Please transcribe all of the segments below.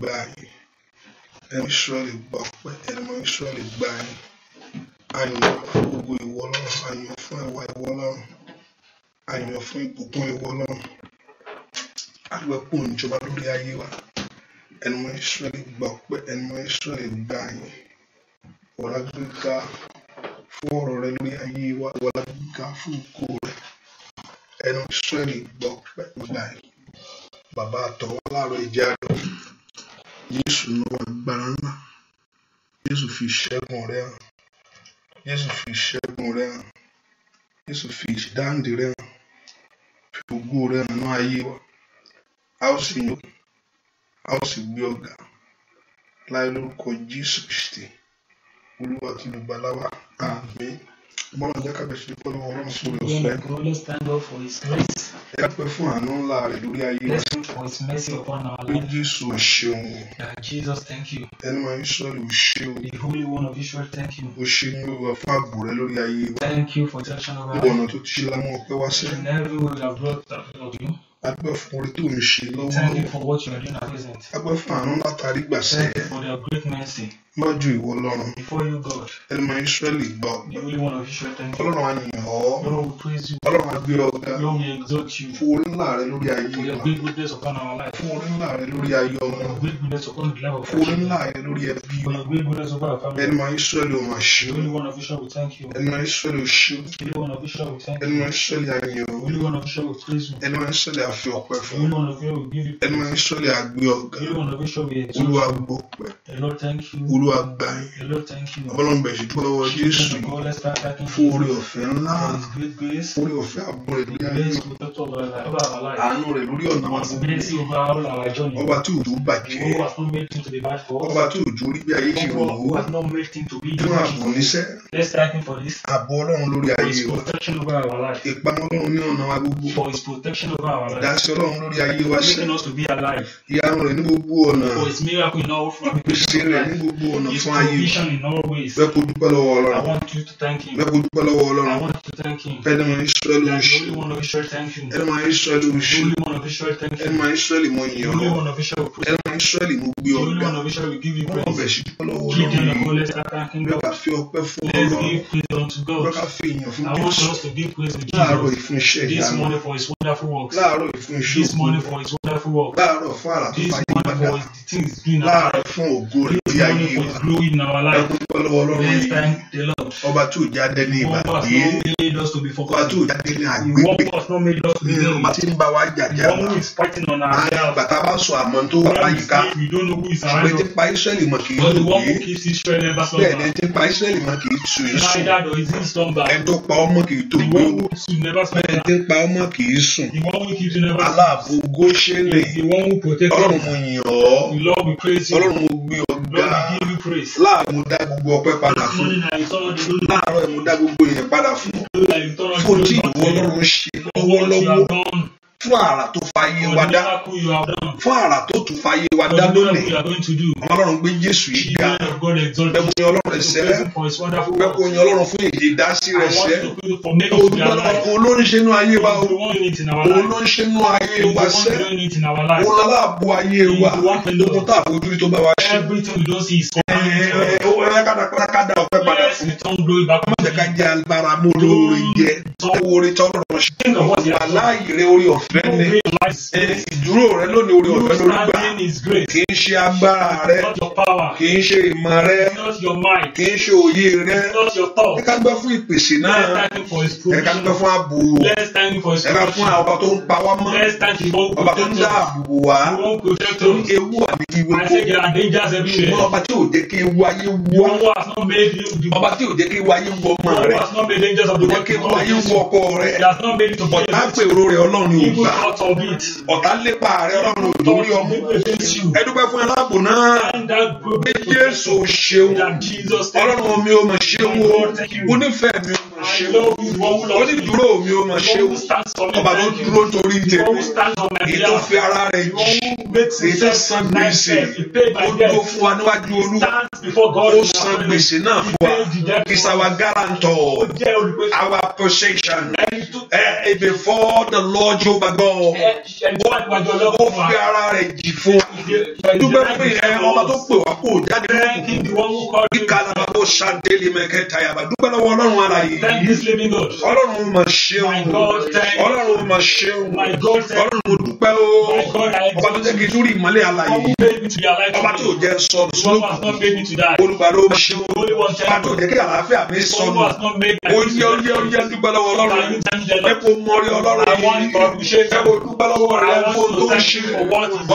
gbà yín gba Ísírẹ́lì gbà ọpẹ́ gba ọmọ Ísírẹ́lì gbà yín àyàn fún gbogbo ìwọ Ọlọ́run àyàn fún ẹwà ìwọ Ọlọ́run àyàn fún ìbùkún ìwọ Ọlọ́run àgbẹ̀kù ìjọba lórí ayé wa gba ọmọ Ísírẹ́lì gbà ọpẹ́ ẹnu ọmọ Ísírẹ́lì gbà anyị wọlá gbígbá fún ọ̀rọ̀ rẹ lórí ayé wa Jésù lọ́wọ́ agbára ńlá. Jésù fi ìṣẹ́gun rẹ̀ hàn. Jésù fi ìṣẹ́gun rẹ̀ hàn. Jésù fi ìdáǹdè rẹ̀ hàn. Fi ògo rẹ̀ hàn náà ayé wa. A ó sì yọ. A ó sì gbé ọ̀gá. Láì lórúkọ Jésù Kristi. Olúwa kí ló gbà láwa. Àmín. Ọlọ́run jẹ́ ká bẹ̀ for his grace. Ẹ ká pẹ́ fún àánú ńlá rẹ̀ lórí ayé mercy upon our life. Jésù ò ṣeun. Jesus thank you. Ẹnu máa ń sọ̀rọ̀ ò ṣeun. The Holy One of Israel thank you. O ṣe ní olúwa fún ààbò rẹ lórí ayé wa. Thank you for protection of our life. Ìwọ̀nà tó ti ṣe lámú ọpẹ́ wá sí. Agbẹ́ fún orí tó ń ṣe lọ́wọ́. Thank you for what you are doing at present. Agbẹ́ fún àánú látàrí gbàsẹ́. Thank for your great mercy má ju ìwọ Ọlọ́run ẹlẹ́mọ̀ Ísírẹ́lì gbọ́ Ọlọ́run á yìn ọ́ Ọlọ́run á gbé ọ ga fún orí ńlá rẹ lórí ayé wa fún orí ńlá rẹ lórí ayé ọmọ fún orí ńlá rẹ lórí ẹbí wa ẹlẹ́mọ̀ Ísírẹ́lì ò máa ṣe ẹlẹ́mọ̀ Ísírẹ́lì ò ṣe ẹlẹ́mọ̀ Ísírẹ́lì á yìn ọ́ ẹlẹ́mọ̀ Ísírẹ́lì á fi ọpẹ́ fún ẹlẹ́mọ̀ Ísírẹ́lì á gbé ọ ga olúwa gbọ́ pẹ́ olúwa olúwa gbà yín ọlọ́run bẹ̀ ṣètò lọ́wọ́ jésù fún orí ọ̀fẹ́ ńlá orí ọ̀fẹ́ àbúrò ìlú ayé àánú rẹ̀ lórí ọ̀nà wa gbogbo ọba tí òjò bàjẹ́ ọba tí òjò rí bí ayé ṣe rọ̀ owó dúró àbò oníṣẹ́ àbò ọlọ́run lórí ayé wa ìpamọ́ ọlọ́run ní ọ̀nà wa gbogbo ìdásí ọlọ́run lórí ayé wa ṣe ìyanu rẹ̀ ní gbogbo ọ̀nà ìpèsè rẹ̀ ní gbogbo ọ̀nà ọ̀nà fún ayé rẹ kó dúpẹ́ lọ́wọ́ ọlọ́run rẹ kó dúpẹ́ lọ́wọ́ ọlọ́run ẹnìmọ̀ ìṣẹ́lẹ̀ oṣù ẹnìmọ̀ ìṣẹ́lẹ̀ oṣù ẹnìmọ̀ ìṣẹ́lẹ̀ mo yìn ọ́ ẹnìmọ̀ ìṣẹ́lẹ̀ mo gbé ọ ga wọ́n fẹ́ ṣe dúpẹ́ lọ́wọ́ ọlọ́run rẹ ká fi ọpẹ́ fún ọlọ́run rẹ ká fi ìyàn fún Jésù láàárọ̀ ìfún iṣẹ́ ìyanu láàárọ̀ ìfún iṣẹ́ òkú láàárọ̀ fún àrà tó fàyè for the things doing láàárọ̀ fún ògo rẹ̀ tí a yí wa ẹkún pọ́lọ́wọ́ ọlọ́run yìí ọba tí ò jáde ní ìbàdí ọba tí ò jáde ní àgbègbè ọba tí ń bá wa jàjà wa àárín bàtà bá sọ àmọ́ tó wà láyìíká ṣùgbọ́n tí pa Ísírẹ́lì mọ̀ kì í lò yé bẹ́ẹ̀ ni tí pa Ísírẹ́lì mọ̀ kì í tù í sùn ẹni tó pa ọmọ kì í tó gbé bẹ́ẹ̀ tí pa ọmọ kì í sùn aláàbò góṣẹ́lẹ̀ ọlọ́run mo yìn yìn ọ́. Lord we praise you. Ọlọ́run mo gbé ọ ga. Lord we give you praise. Láàárọ̀ mo dá gbogbo ọpẹ́ padà fún. Láàárọ̀ mo dá gbogbo ìyẹn padà fún. Kò ìwọ Ọlọ́run ṣe lọ́wọ́lọ́wọ́ fún àrà tó fàyè wa dá fún àrà tó tún fàyè wa dá lónìí ọmọ ọlọ́run gbé jésù yìí ga bẹ́ẹ̀kú yan ọlọ́run ẹsẹ̀ bẹ́ẹ̀kú yan ọlọ́run fún èdè dásí rẹ̀ sẹ́ olùdókòwò olórin ṣe nú ayé wa olórin ṣe nú ayé wa sẹ́ olùdókòwò ayé wa olùdókòwò tá àbójútó bá wa ṣe ọlọ́yà kádàkọ́dà kádà ọ̀pẹ padà fún ọmọ jẹ́ká jẹ́ agbára mú lórí jẹ ẹ̀wọ̀ orí tọ́lọ̀ ṣe aláàyè rẹ orí ọ̀fẹ́ ni ìdúró rẹ lónìí orí ọ̀fẹ́ lórí gbà kì í ṣe agbára rẹ kì í ṣe ìmọ̀ rẹ kì í ṣe òye rẹ ẹ ká gbẹ́ fún ìpèsè náà ẹ ká gbẹ́ fún ààbò ẹ ká fún ọba tó ń pa wá mọ́ ọba tó ń dá àbùbù wá ewu àbí ewu kó ṣùgbọ́n ọba tí ò jẹ́ kí ewu ayé wu wá. who has not made you the. bàbá tí ò jẹ́ kí wáyé ń wọ ọmọ rẹ̀. who has not made the of the world. jẹ́ kí wáyé ń wọ ọkọ rẹ̀. he has not made to be. ọ̀tá pèrò rẹ̀ ọlọ́run ò gbà. even out of it. ọ̀tá lépa rẹ̀ ọlọ́run ò dórí ọmú. ẹ dúpẹ́ fún aláàbò náà. bí Jésù ṣeun. ọlọ́run mi ò mọ̀ ṣeun o. onífẹ̀ẹ́ mi ò mọ̀ ó ní dúró mi ó máa ṣe ọba tó dúró torí tèmi èyí tó fi ara rẹ̀ jí èyí tó san gbèsè ó dúró fún wa níwájú olúwa ó san gbèsè náà fún wa kì í sáwà our possession eh, before the Lord Jehovah God ó fi ara rẹ̀ jí fún wa dúpẹ́ pé ọba tó pè wá kó jáde lókùnkùn kí kàlàbà sandeli mẹkẹta yaba dúpẹ́ lọ́wọ́ ọlọ́run ara yìí. thank this living God. ọlọ́run ma ṣeun. my God thank you. ọlọ́run ma ṣeun. my God thank you. ọlọ́run mo dúpẹ́ o. my God I thank you. ọba tó jẹ́ kí n tún rí ìmọ́lẹ̀ ara yìí. ọba tó jẹ́ sọnù sọ́nù. olùgbàdo ma ṣeun. ọba tó jẹ́ kí àlàáfíà mi sọnù. oyè oyè oyè dúpẹ́ lọ́wọ́ ọlọ́run. ẹ kò mọrí ọlọ́run yìí. ẹ kò dúpẹ́ lọ́wọ́ rẹ fún tó ń ṣe.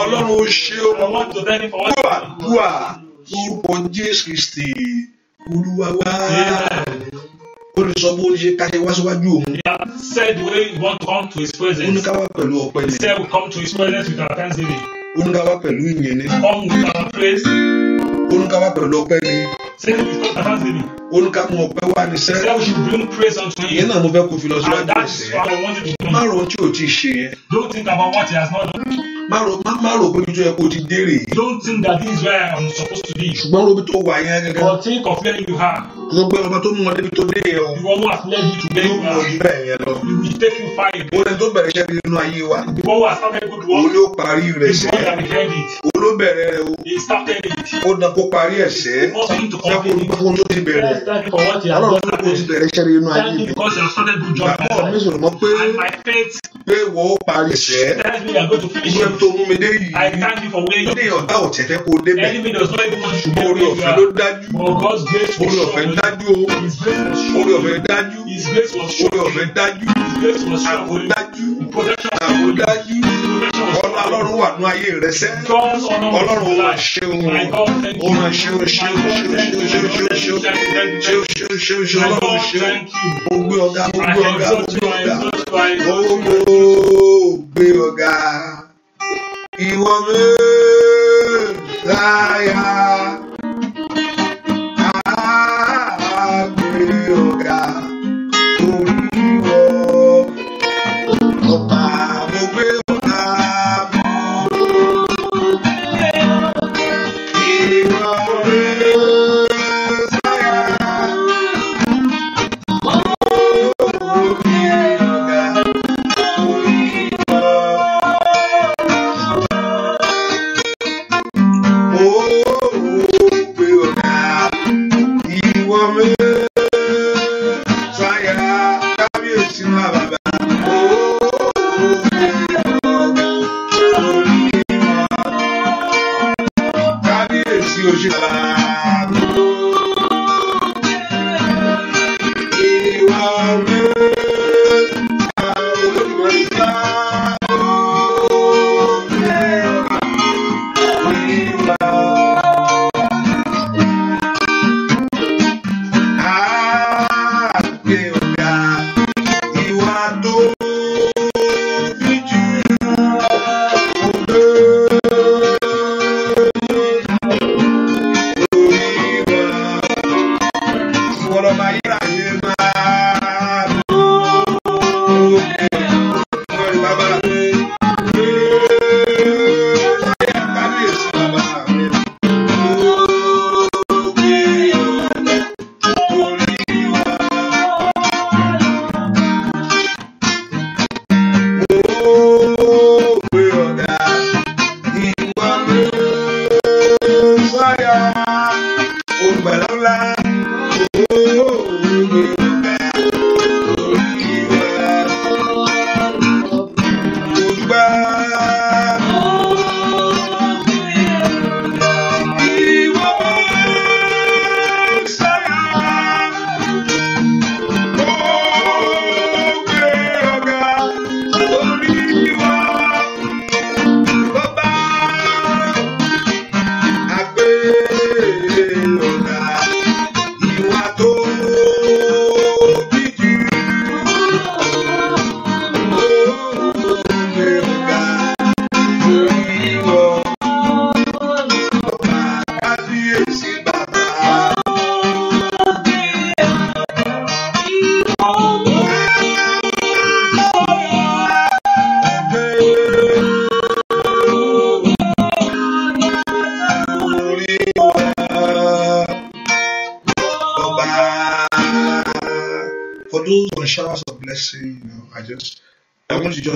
ọlọ́run ó ṣe o. kó àdúrà lórúkọ Jésù Kristi olúwa wá olùsọ bó ṣe káṣẹ wá síwájú òun. he had said the way he want to come to his presence. ó wá pẹ̀lú ọpẹ́ ni. he said we come to his presence with our thanksgiving. ó wá pẹ̀lú ìyìn ni. come with our praise. ó wá pẹ̀lú ọpẹ́ ni. Say it because of thanksgiving. Olùkàmù ọ̀pẹ wá ní sẹ́. That we should bring praise unto him. Ìyẹn náà mo fẹ́ kó fi lọ síwájú. And that what I want you to do. Má ro ohun tí ṣe yẹn. Don't think about what he has not done. Má ro má ro pé ojú ẹ ti dé rè. Don't think that this is where I am supposed to be. Ṣùgbọ́n robi tó wà yẹn gẹ́gẹ́. But think of where you are. Kò ọba tó mú ọ débi tó dé yẹn o. Ìwọ mú àtìlẹ́yìn ju bẹ́ẹ̀ yẹn Yóò mú ojú bẹ́ẹ̀ yẹn lọ. He will take you far away. tó bẹ̀rẹ̀ iṣẹ́ nínú ayé wa. Ìwọ wà started good thank you fún tó ti bẹ̀rẹ̀ ọlọ́run tó kó ti bẹ̀rẹ̀ iṣẹ́ rere inú ayé mi ìgbàgbọ́ mi sọ̀rọ̀ mọ́ pé pé wo ó parí iṣẹ́ iṣẹ́ tó mú mi dé yìí ní ọ̀dá ọ̀tẹ̀ fẹ́ kó débẹ̀ ṣùgbọ́n orí ọ̀fẹ́ ló dájú orí ọ̀fẹ́ dájú o orí ọ̀fẹ́ dájú orí ọ̀fẹ́ dájú àbò dájú wà nú ayé rẹ sẹ́ ọlọ́run ó máa ṣe ohun ó máa ṣe ohun ṣe ohun ṣe ohun ṣe ohun ṣe ohun ṣe ohun ṣe ohun ṣe ohun ṣe ọlọ́run ṣe ohun ó gbé ọ̀gá ó gbé ọ̀gá ó gbé ọ̀gá ó gbé ọ̀gá ìwọ mẹ́ẹ̀ẹ́dáyà.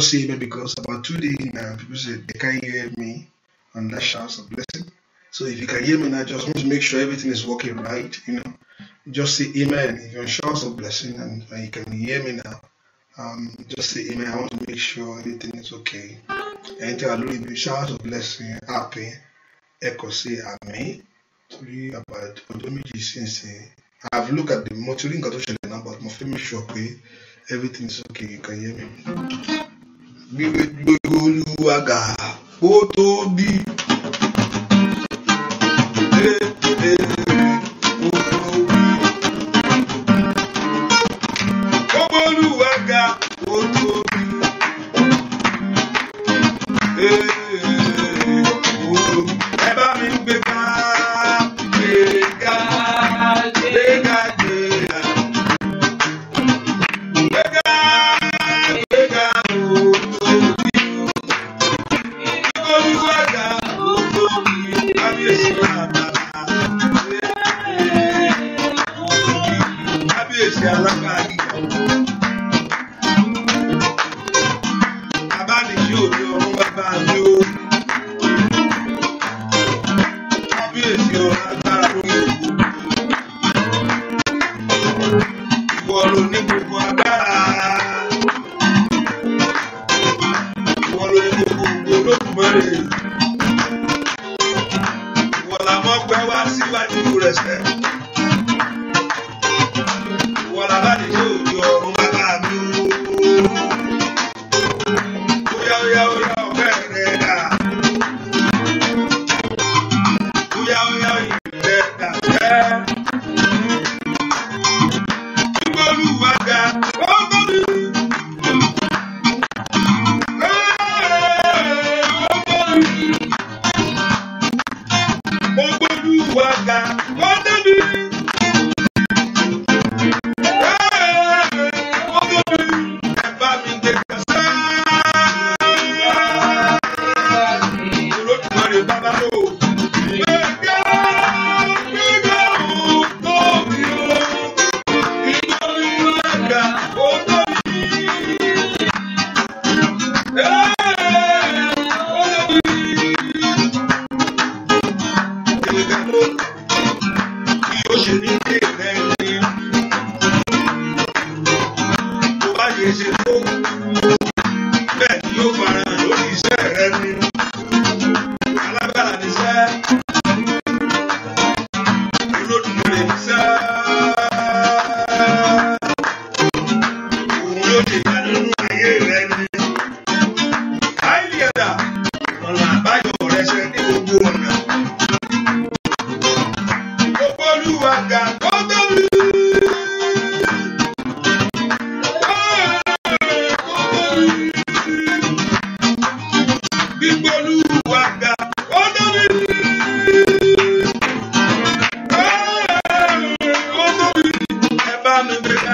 just say amen because about two days now, people said they can't hear me on that shouts of blessing. So if you can hear me now, just want to make sure everything is working right, you know. Just say amen if you're on shouts of blessing and, and you can hear me now. Um, just say amen. I want to make sure everything is okay. Ẹ̀yin tí a lórí ibi shout of blessing happy echo say Amen. To you about ọdún méjì I've looked at the mo ti rí nǹkan tó but mo fẹ́ sure pé everything is okay you can hear me gbígbé gbogbo olúwa ga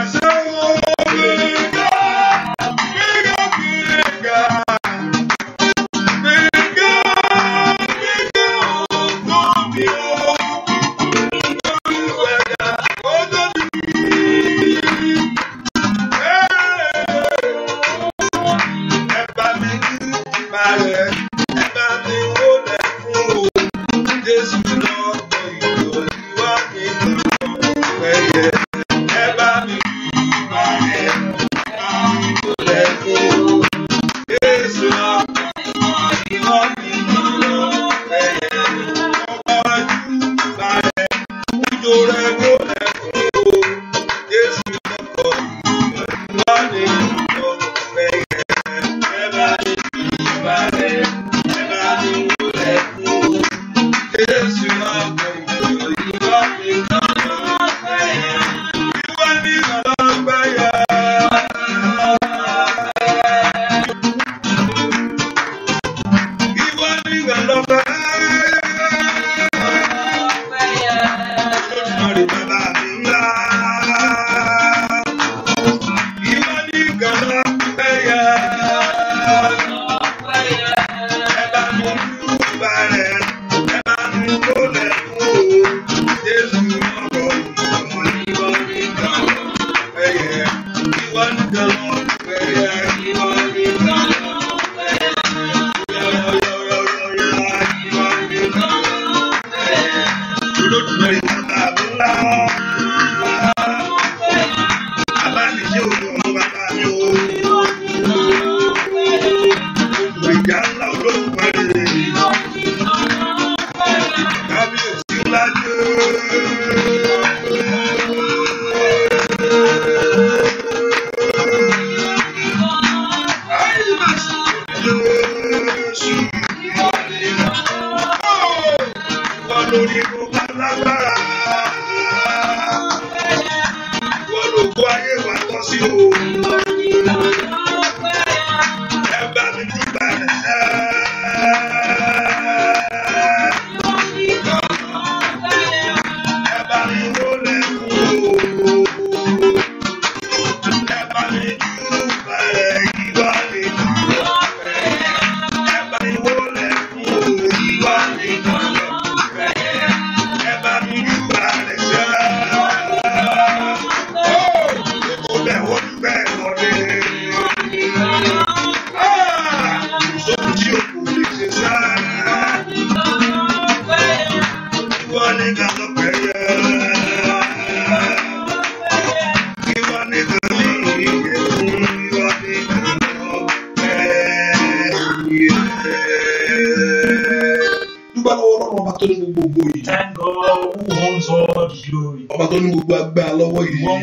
Brazil!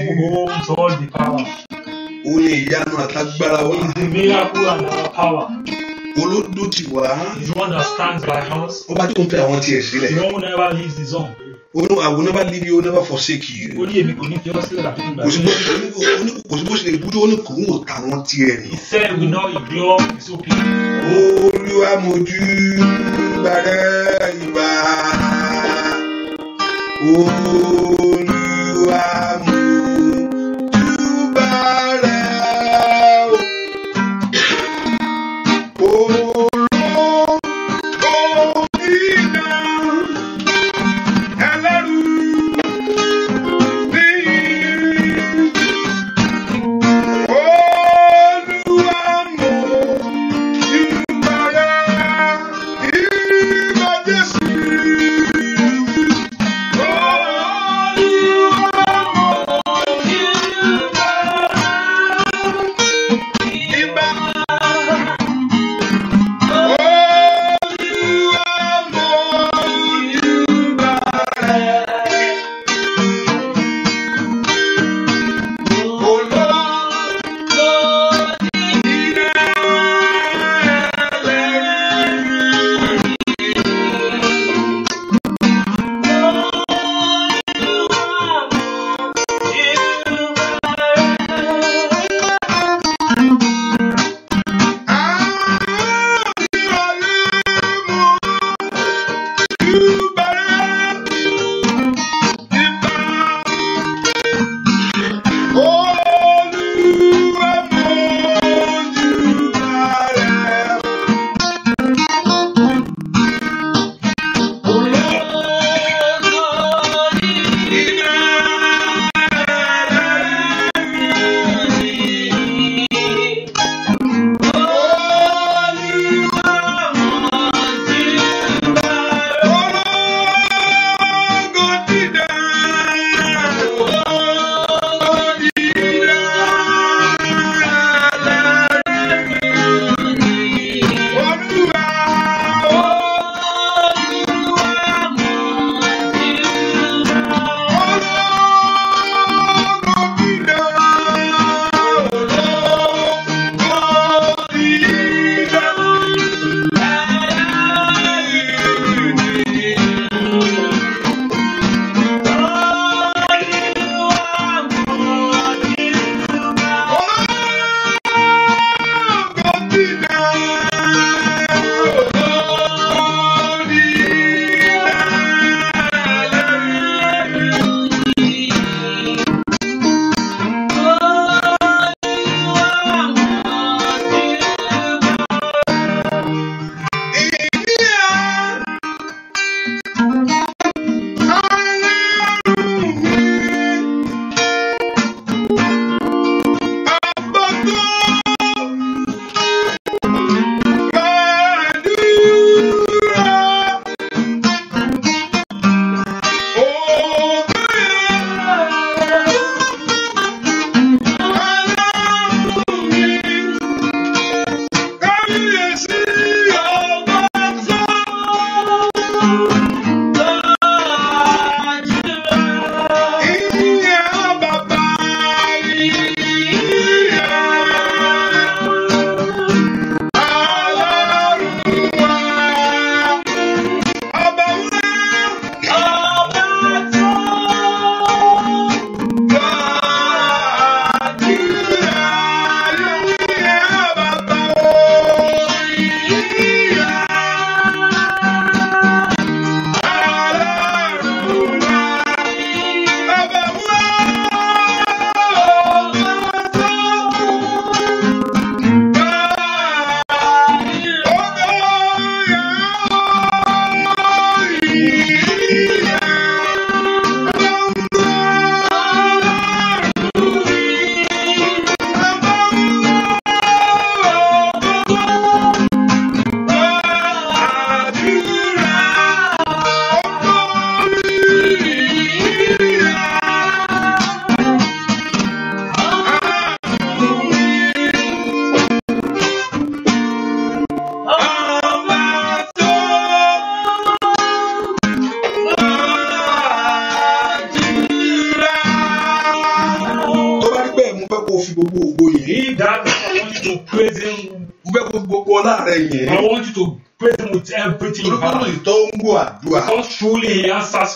who holds all the power. ó ní ìyanu àtagbára wa. is the miracle and our power. olódó ti wá. the one that stands by us. ó bá tó ń fẹ́ àwọn tiẹ̀ sílẹ̀. no one ever leaves his own. Onu I will never leave you, never forsake you. Ó ní èmi kò ní fi ọ́ sílẹ̀ àti ìgbà yìí. Kò sí bó ṣe lè bú ń wò táwọn tiẹ̀ ni. He said we know your glory is open. Olúwa mojú bàrẹ̀ ìbá. Ooo.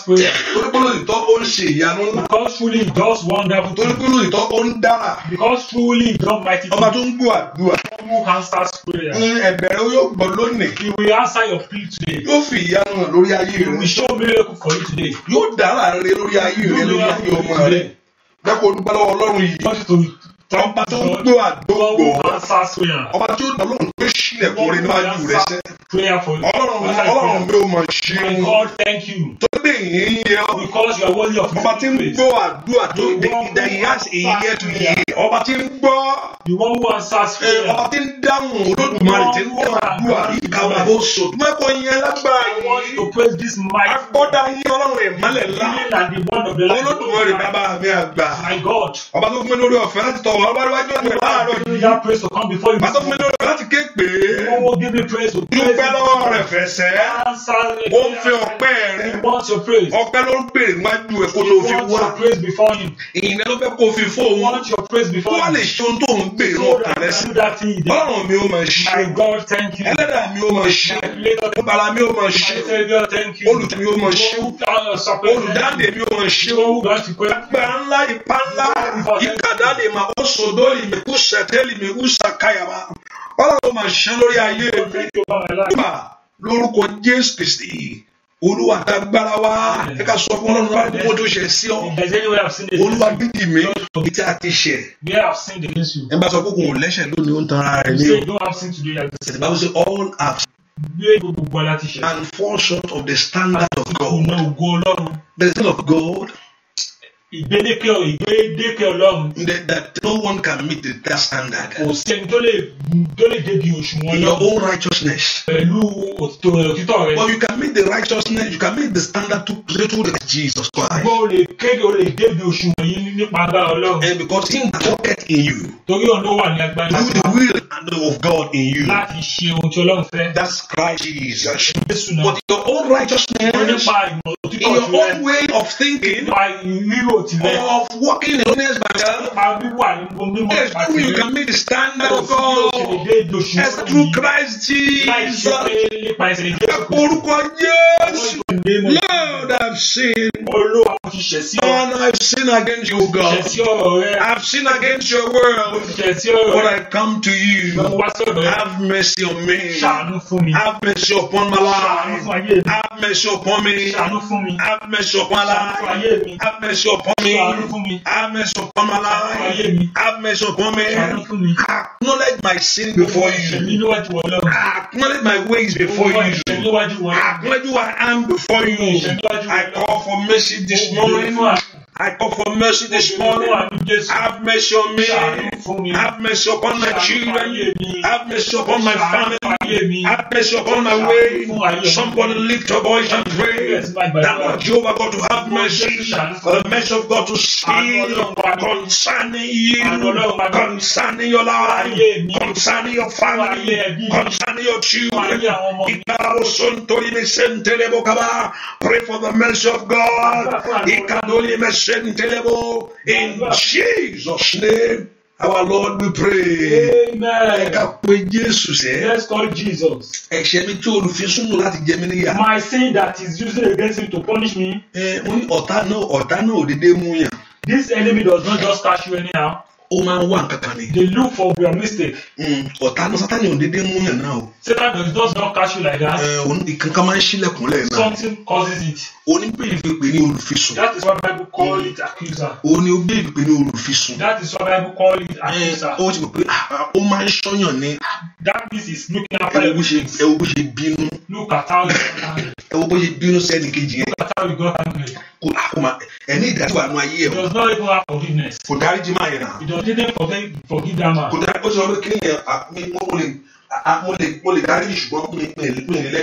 prayer. torí pé lóòótọ́ ó ń ṣe ìyanu ńlá. because truly he does wonderful things. torí pé lóòótọ́ ó ń dára. because truly he does mighty things. ọba tó ń gbọ́ àdúrà. who answers prayer. ẹ̀bẹ̀ rẹ yóò gbọ́ lónìí. he will answer your plea today. yóò fi ìyanu hàn lórí ayé rẹ. he will show miracle for you today. yóò dára rẹ lórí ayé rẹ lórí ayé ọmọ rẹ. bẹ́ẹ̀ kó dúpẹ́ lọ́wọ́ ọlọ́run yìí ọba tó ń gbọ́ àdógbò ọba tí ó dá lóhùn pé sílẹ̀ kò rí níwájú rẹ sẹ́ ọlọ́run ọlọ́run mi ò mọ̀ ṣe é ń yẹ ọ. because worthy of praise. ọba tí ń gbọ́ àdúrà tó dé that he has a year to year. ọba tí ń gbọ́. the one who answers prayer. ọba tí ń dáhùn olódùmarè tí ń gbọ́ àdúrà yìí kàwé bó so. mẹ́kọ̀ọ́ yẹn lágbára yìí. I want to praise this mic. agbọ́dá yín ọlọ́run ìmọ̀lẹ̀ ńlá. olódùmarè bàbá mi àgbà. my God. ọba tó fún mi lórí ọ̀fẹ́ láti tọ̀wọ̀ ọba wájú ọ̀fẹ́ láàárọ̀ yìí. bàtọ́ fún mi lórí ọ̀fẹ́ láti ké pé. owó oh, give me praise to praise. dúpẹ́ lọ́wọ́ rẹ̀ fẹsẹ̀. ó ń fi ọpẹ́ rẹ̀ praise. ọpẹ́ ló ń béèrè níwájú ẹ kó tó fi wá. he wants your praise before him. ìyìn ló fẹ́ kó fi fún òun. he wants your praise before him. kó wá lè ṣe ohun tó ń béèrè ọkàn rẹ sí. ọlọ́run mi ó máa ṣe. my God thank you. ẹlẹ́dàá mi ó máa ṣe. ọbàlá mi ó máa ṣe. my saviour thank you. olùtẹ̀ mi ó máa ṣe. olùdáǹdè mi ó máa ṣe. agbára ńlá ipá ńlá ìkàdá lè máa ó sòdó lè mi kú sẹ̀tẹ́ lè mi kú sàkáyàmá. ọlọ́run máa ṣe lórí ayé mi. lórúkọ Jésù Kristi olúwa agbára wa ẹ ká sọ fún ọlọ́run náà bí mo tó ṣe sí ọ olúwa bídì mi ibi tí a ẹ bá sọ pé kò lẹ́ṣẹ̀ lónìí ó ń tan ara rẹ̀ ní o ẹ bá sọ all have and fall short of the standard of God the standard of God ìgbélékè ìgbélékè ọlọ́run. that that no one can meet the, that standard. kò sẹ́ni tó lè tó lè débi òṣùwọ̀n náà. your own righteousness. pẹ̀lú òtítọ́ rẹ òtítọ́ rẹ. but you can meet the righteousness you can meet the standard to through the Jesus Christ. gbọ́ o lè kéde o lè débi òṣùwọ̀n yìí nípa agbára ọlọ́run. and because him that in you. torí ọ̀nà wà ní agbára. do the will and the of God in you. láti ṣe ohun tí ọlọ́run fẹ́. that's Christ Jesus. Jésù náà. but your own righteousness. ó nípa ìmọ̀ òtítọ́ in your own way of thinking tilẹ̀. of working in honest by self. nípa wíwà nínú you can meet the standard of God. as true Christ Jesus. orúkọ Jésù. Lord I've have sinned. olúwa mo sinned against you God. I've sinned against your world. but I come to you. have mercy on me. have mercy upon my life. have mercy upon me. have mercy upon my life. have mercy upon upon me. Have mercy upon my life. Have mercy upon me. Acknowledge my sin before you. Acknowledge my ways before you. Acknowledge who I am before you. I call for mercy this morning. I call for mercy this morning. Have mercy on me. Have mercy upon my children. Have mercy upon my family. Have mercy upon my way. Somebody lift your voice and pray that Lord Jehovah God to have mercy. For the mercy of God to speak concerning you, concerning your life, concerning your family, concerning your children. Pray for the mercy of God. In Jesus' name. Our Lord we pray. Amen. Ẹ ká pe Jésù sẹ́. Let's call Jesus. Ẹ̀ṣẹ̀ mi tí olùfisùnmù láti jẹ mí níyà. My sin that is using against me to punish me. Ẹ ọ̀tá náà ọ̀tá náà ò mú yàn. This enemy does not just catch you anyhow ó máa ń wá nǹkan ni. they look for their mistake. Hmm, ọ̀tá náà sátani ò dédé mú yàn náà o. satan does not catch you like that. Eh, ìkankan máa ń ṣílẹ̀kùn lẹ́ẹ̀ náà. something causes it. oníbèrè fi pè ní olùfisùn. that is why bible call it accuser. oní obèrè pè ní olùfisùn. that is why bible call it eh, accuser. ó ti mọ̀ pé ah, ah, ó máa ń ṣọ́yàn ni. that means he is looking after you. ẹ wo bó ṣe bínú. look at how He got angry. ẹ wo bó ṣe bínú sẹ́ni kejì yẹn. look at how you got angry. kò ah, àkómọ ẹ̀ ní ìdájọ́ ayé ẹ̀. does not have forgiveness. kò dáríjì máa yẹn náà you didn't forgive forgive that kò dáa ó sọ pé kí ni mo lè dárí ìṣùgbọ́n mi mi lè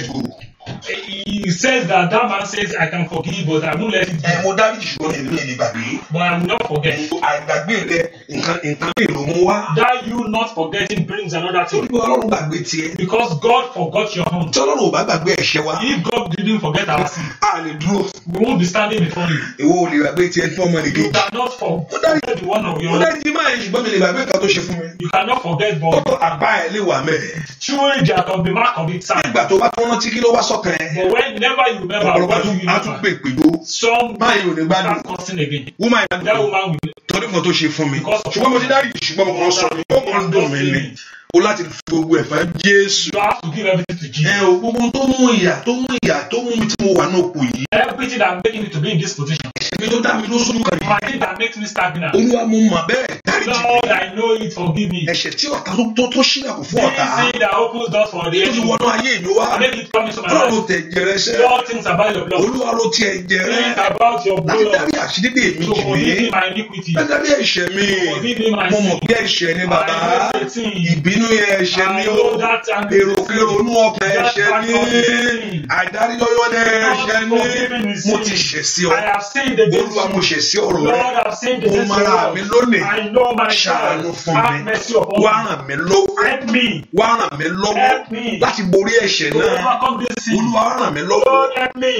he says that that man says I can forgive but I won't let it. ẹ eh, mo ṣùgbọ́n èmi náà lè gbàgbé. but I will not forget. àgbàgbé rẹ nǹkan nǹkan lè ló wá. that you not forgetting brings another thing. olùkọ́ ọlọ́run gbàgbé tiẹ̀. because God forgot your own. tọ́lọ́run ò bá gbàgbé ẹ̀ṣẹ̀ wa. if God didn't forget our sin. a lè dúró. we won't be standing before you. ìwọ ò lè gbàgbé tiẹ̀ fún ọmọ nìkan. you cannot forget the one of your. mo dáríjì máa ń ṣùgbọ́n mi lè gbàgbé nǹkan ṣe fún mi. you cannot forget but. ọ̀dọ̀ sọ̀kan ẹ̀. but whenever you remember. ọ̀pọ̀lọpọ̀ a tún pè pé yó. some báyìí ò ní gbádùn. that woman that woman will torí nǹkan tó ṣe fún mi ṣùgbọ́n mo ti dárí ṣùgbọ́n mo kàn sọ mi ó kàn dùn mí ni o láti fi gbogbo ẹ̀fà Jésù ẹ o gbogbo tó mú ìyà tó mú ìyà tó mú mi tí mo wà n'òkú yìí. everything that make me to be in this position. ẹ̀mí tó dá mi ló sójú kan yìí. my thing that makes me stagnant. olúwa mo mà bẹ́ẹ̀ dárí jì mí. Lord I know it forgive me. ẹ̀ṣẹ̀ tí ọ̀tá tó tó ṣílẹ̀kùn fún ọ̀tá. this thing that opens doors for the enemy. tó ti wọnú ayé mi wá. make it promise my life. lọ́run tẹ̀ jẹrẹ sẹ́. all things about your blood. olúwa ló tiẹ̀ jẹrẹ. things about your blood. láti dárí àṣírí gẹ́gẹ́ bí ẹ̀ṣẹ̀ mi mo mọ̀ pé ẹ̀ṣẹ̀ ni bàbá ìbínú ẹ̀ṣẹ̀ ni ó èròkèrò inú ọkàn ẹ̀ṣẹ̀ ni àìdáríjọ́yọ́ ní ẹ̀ṣẹ̀ ni mo ti ṣẹ̀ sí ọ olúwa mo ṣẹ̀ sí ọ̀rọ̀ rẹ mo mara mi lónìí ṣàánú fún mi wá ràn mí lọ́wọ́ wá ràn mí lọ́wọ́ láti borí ẹ̀ṣẹ̀ náà olúwa ràn mí lọ́wọ́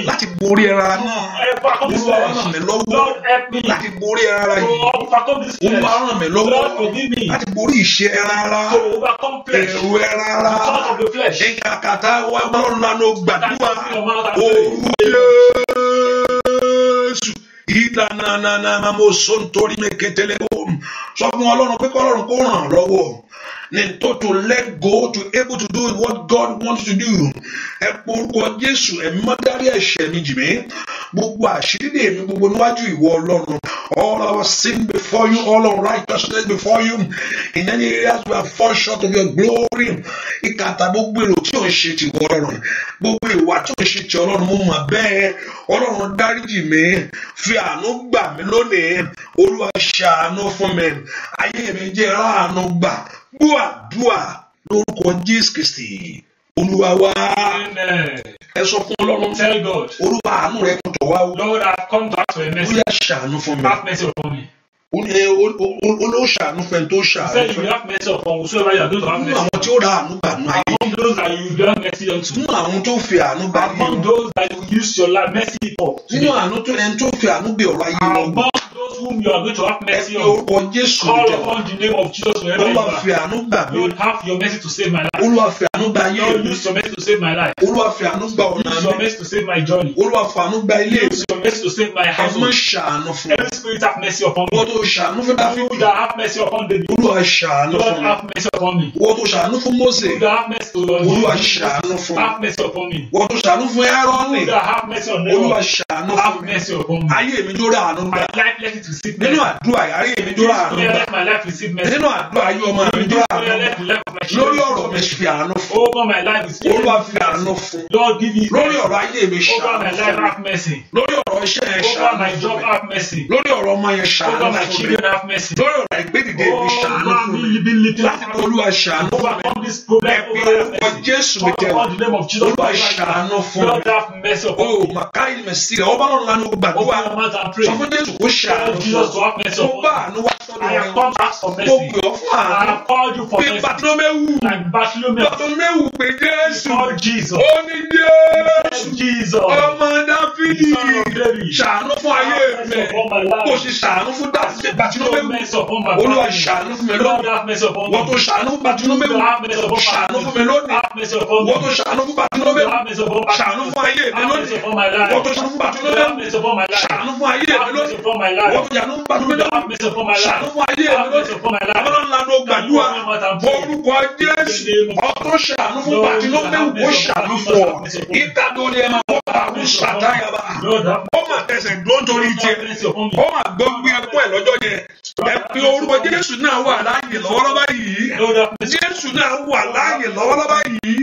láti borí ẹran náà olúwa ràn mí lọ́wọ́ láti borí ẹran yìí to overcome this sickness. Olúwa ràn mí lọ́wọ́. Lord forgive me. Láti borí ìṣe ẹran ara. To overcome flesh. Èrò ẹran ara. The thought of the flesh. Ẹ̀ka kàtà wa lọ́run lánàá gbàdúrà. Òru Jésù. Ìlànà nana mo sọ nítorí mẹ́kẹ́tẹ́lẹ́ wò. Sọ fún Ọlọ́run pé kọ́lọ́run kó ràn lọ́wọ́ ní tó to let go to able to do what God wants to do ẹ porúkọ Jésù ẹ̀mí mọ́ dárí ẹ̀ṣẹ̀ mi jì mí gbogbo àṣírí ní èmi gbogbo níwájú ìwọ Ọlọ́run all our sin before you all our righteousness before you in any areas we have fall short of your glory ìkàtà gbogbo èrò tí ò ń ṣe ti wọ Ọlọ́run gbogbo ìwà tí ò ń ṣe ti Ọlọ́run mo mọ̀ bẹ́ẹ̀ Ọlọ́run dáríjì mi fi àánú gbà mí lónìí Olúwa ṣàánú fún mi ayé mi jẹ́ ráàánú gbà gbọ́ àdúrà lórúkọ Jésù Kristi olúwa wá ẹ sọ fún ọlọ́run olúwa àánú rẹ kò tọ̀ wá o ó yà ṣàánú fún mi olóṣàánú fẹ́ni tó ṣàánú fún àwọn tí ó ra àánú gbà nù ayé nínú àwọn tó fi àánú gbà nù nínú àánú tó ẹni tó fi àánú gbé ọ̀rọ̀ ayé wọn whom you are going to have mercy on. orúkọ Jésù jẹ. call upon the name of Jesus wherever every are. Olúwa fi àánú gbà have your mercy to save my life. Olúwa fi yé mi. Lord use your mercy to save my life. Olúwa fi ọ̀nà mi. use your mercy to save my journey. Olúwa fi ilé mi. use your mercy to save my household. ẹ má ṣàánú fún mi. every spirit have mercy upon me. wọ́n tó ṣàánú fún Dáfídì. you that have mercy upon David. Olúwa ṣàánú fún mi. Lord have mercy upon me. wọ́n tó ṣàánú fún Mósè. you that have mercy to Lord. Olúwa ṣàánú fún mi. have mercy upon me. wọ́n tó ṣàánú fún Áárónì. you that have mercy on me. Olúwa ṣàánú fún mi. have mercy upon me. ayé mi lórí àánú gbà. my life let it life with sickness. nínú àdúrà ayé mi dúró àánú gbà nínú àdúrà ayé ọmọ mi dúró àánú gbà lórí ọ̀rọ̀ mi fi àánú fún olúwa fi àánú fún lórí ọ̀rọ̀ ayé mi ṣàánú fún lórí ọ̀rọ̀ iṣẹ́ yẹn ṣàánú fún lórí ọ̀rọ̀ ọmọ yẹn ṣàánú fún lórí ọ̀rọ̀ ìgbédìde mi oh, ṣàánú fún láti olúwa ṣàánú fún mi ẹ̀pẹ́ orúkọ Jésù mi tẹ̀ olúwa ṣàánú fún mi o màkà ìmẹ̀sí rẹ̀ ọba náà lánàá gbàdúrà sọ fún Jésù kó ṣàánú of Jesus to have mercy upon you. I have come to ask for mercy. I have called you for mercy. Bartolomeu. Like Bartolomeu. Bartolomeu pé Jésù. He called Jesus. Ó ní Jésù. Jesus. Ọmọ Dáfídì. Ṣàánú fún ayé mi. Kò sì ṣàánú fún Dáfídì Bartolomeu. Olúwa ṣàánú fún mi lónìí. Wọ́n tó ṣàánú fún Bartolomeu. Ṣàánú fún mi lónìí. Wọ́n tó ṣàánú fún Bartolomeu. Ṣàánú fún ayé mi lónìí. Wọ́n tó ṣàánú fún Bartolomeu. Ṣàánú fún ayé mi lónìí àlọ́kọ̀jà ló ń bá mi lọ́wọ́ ṣàánú ayé mi ọlọ́run lanu gbàdúrà orúkọ jésù ọtọ́ ṣàánú fún bàtí ló léwu kó ṣàánú fún ọ ìta lórí ẹ̀ máa wọ́n bá àwọn ṣàtá yàrá ó mà tẹsẹ̀ dúró torí tiẹ̀ ó mà gbọ́ gbé ẹkú ẹ̀ lọ́jọ́ yẹn ẹ pé orúkọ jésù náà wà láàyè lọ́wọ́lọ́wọ́ yìí jésù náà wà láàyè lọ́wọ́lọ́wọ́ yìí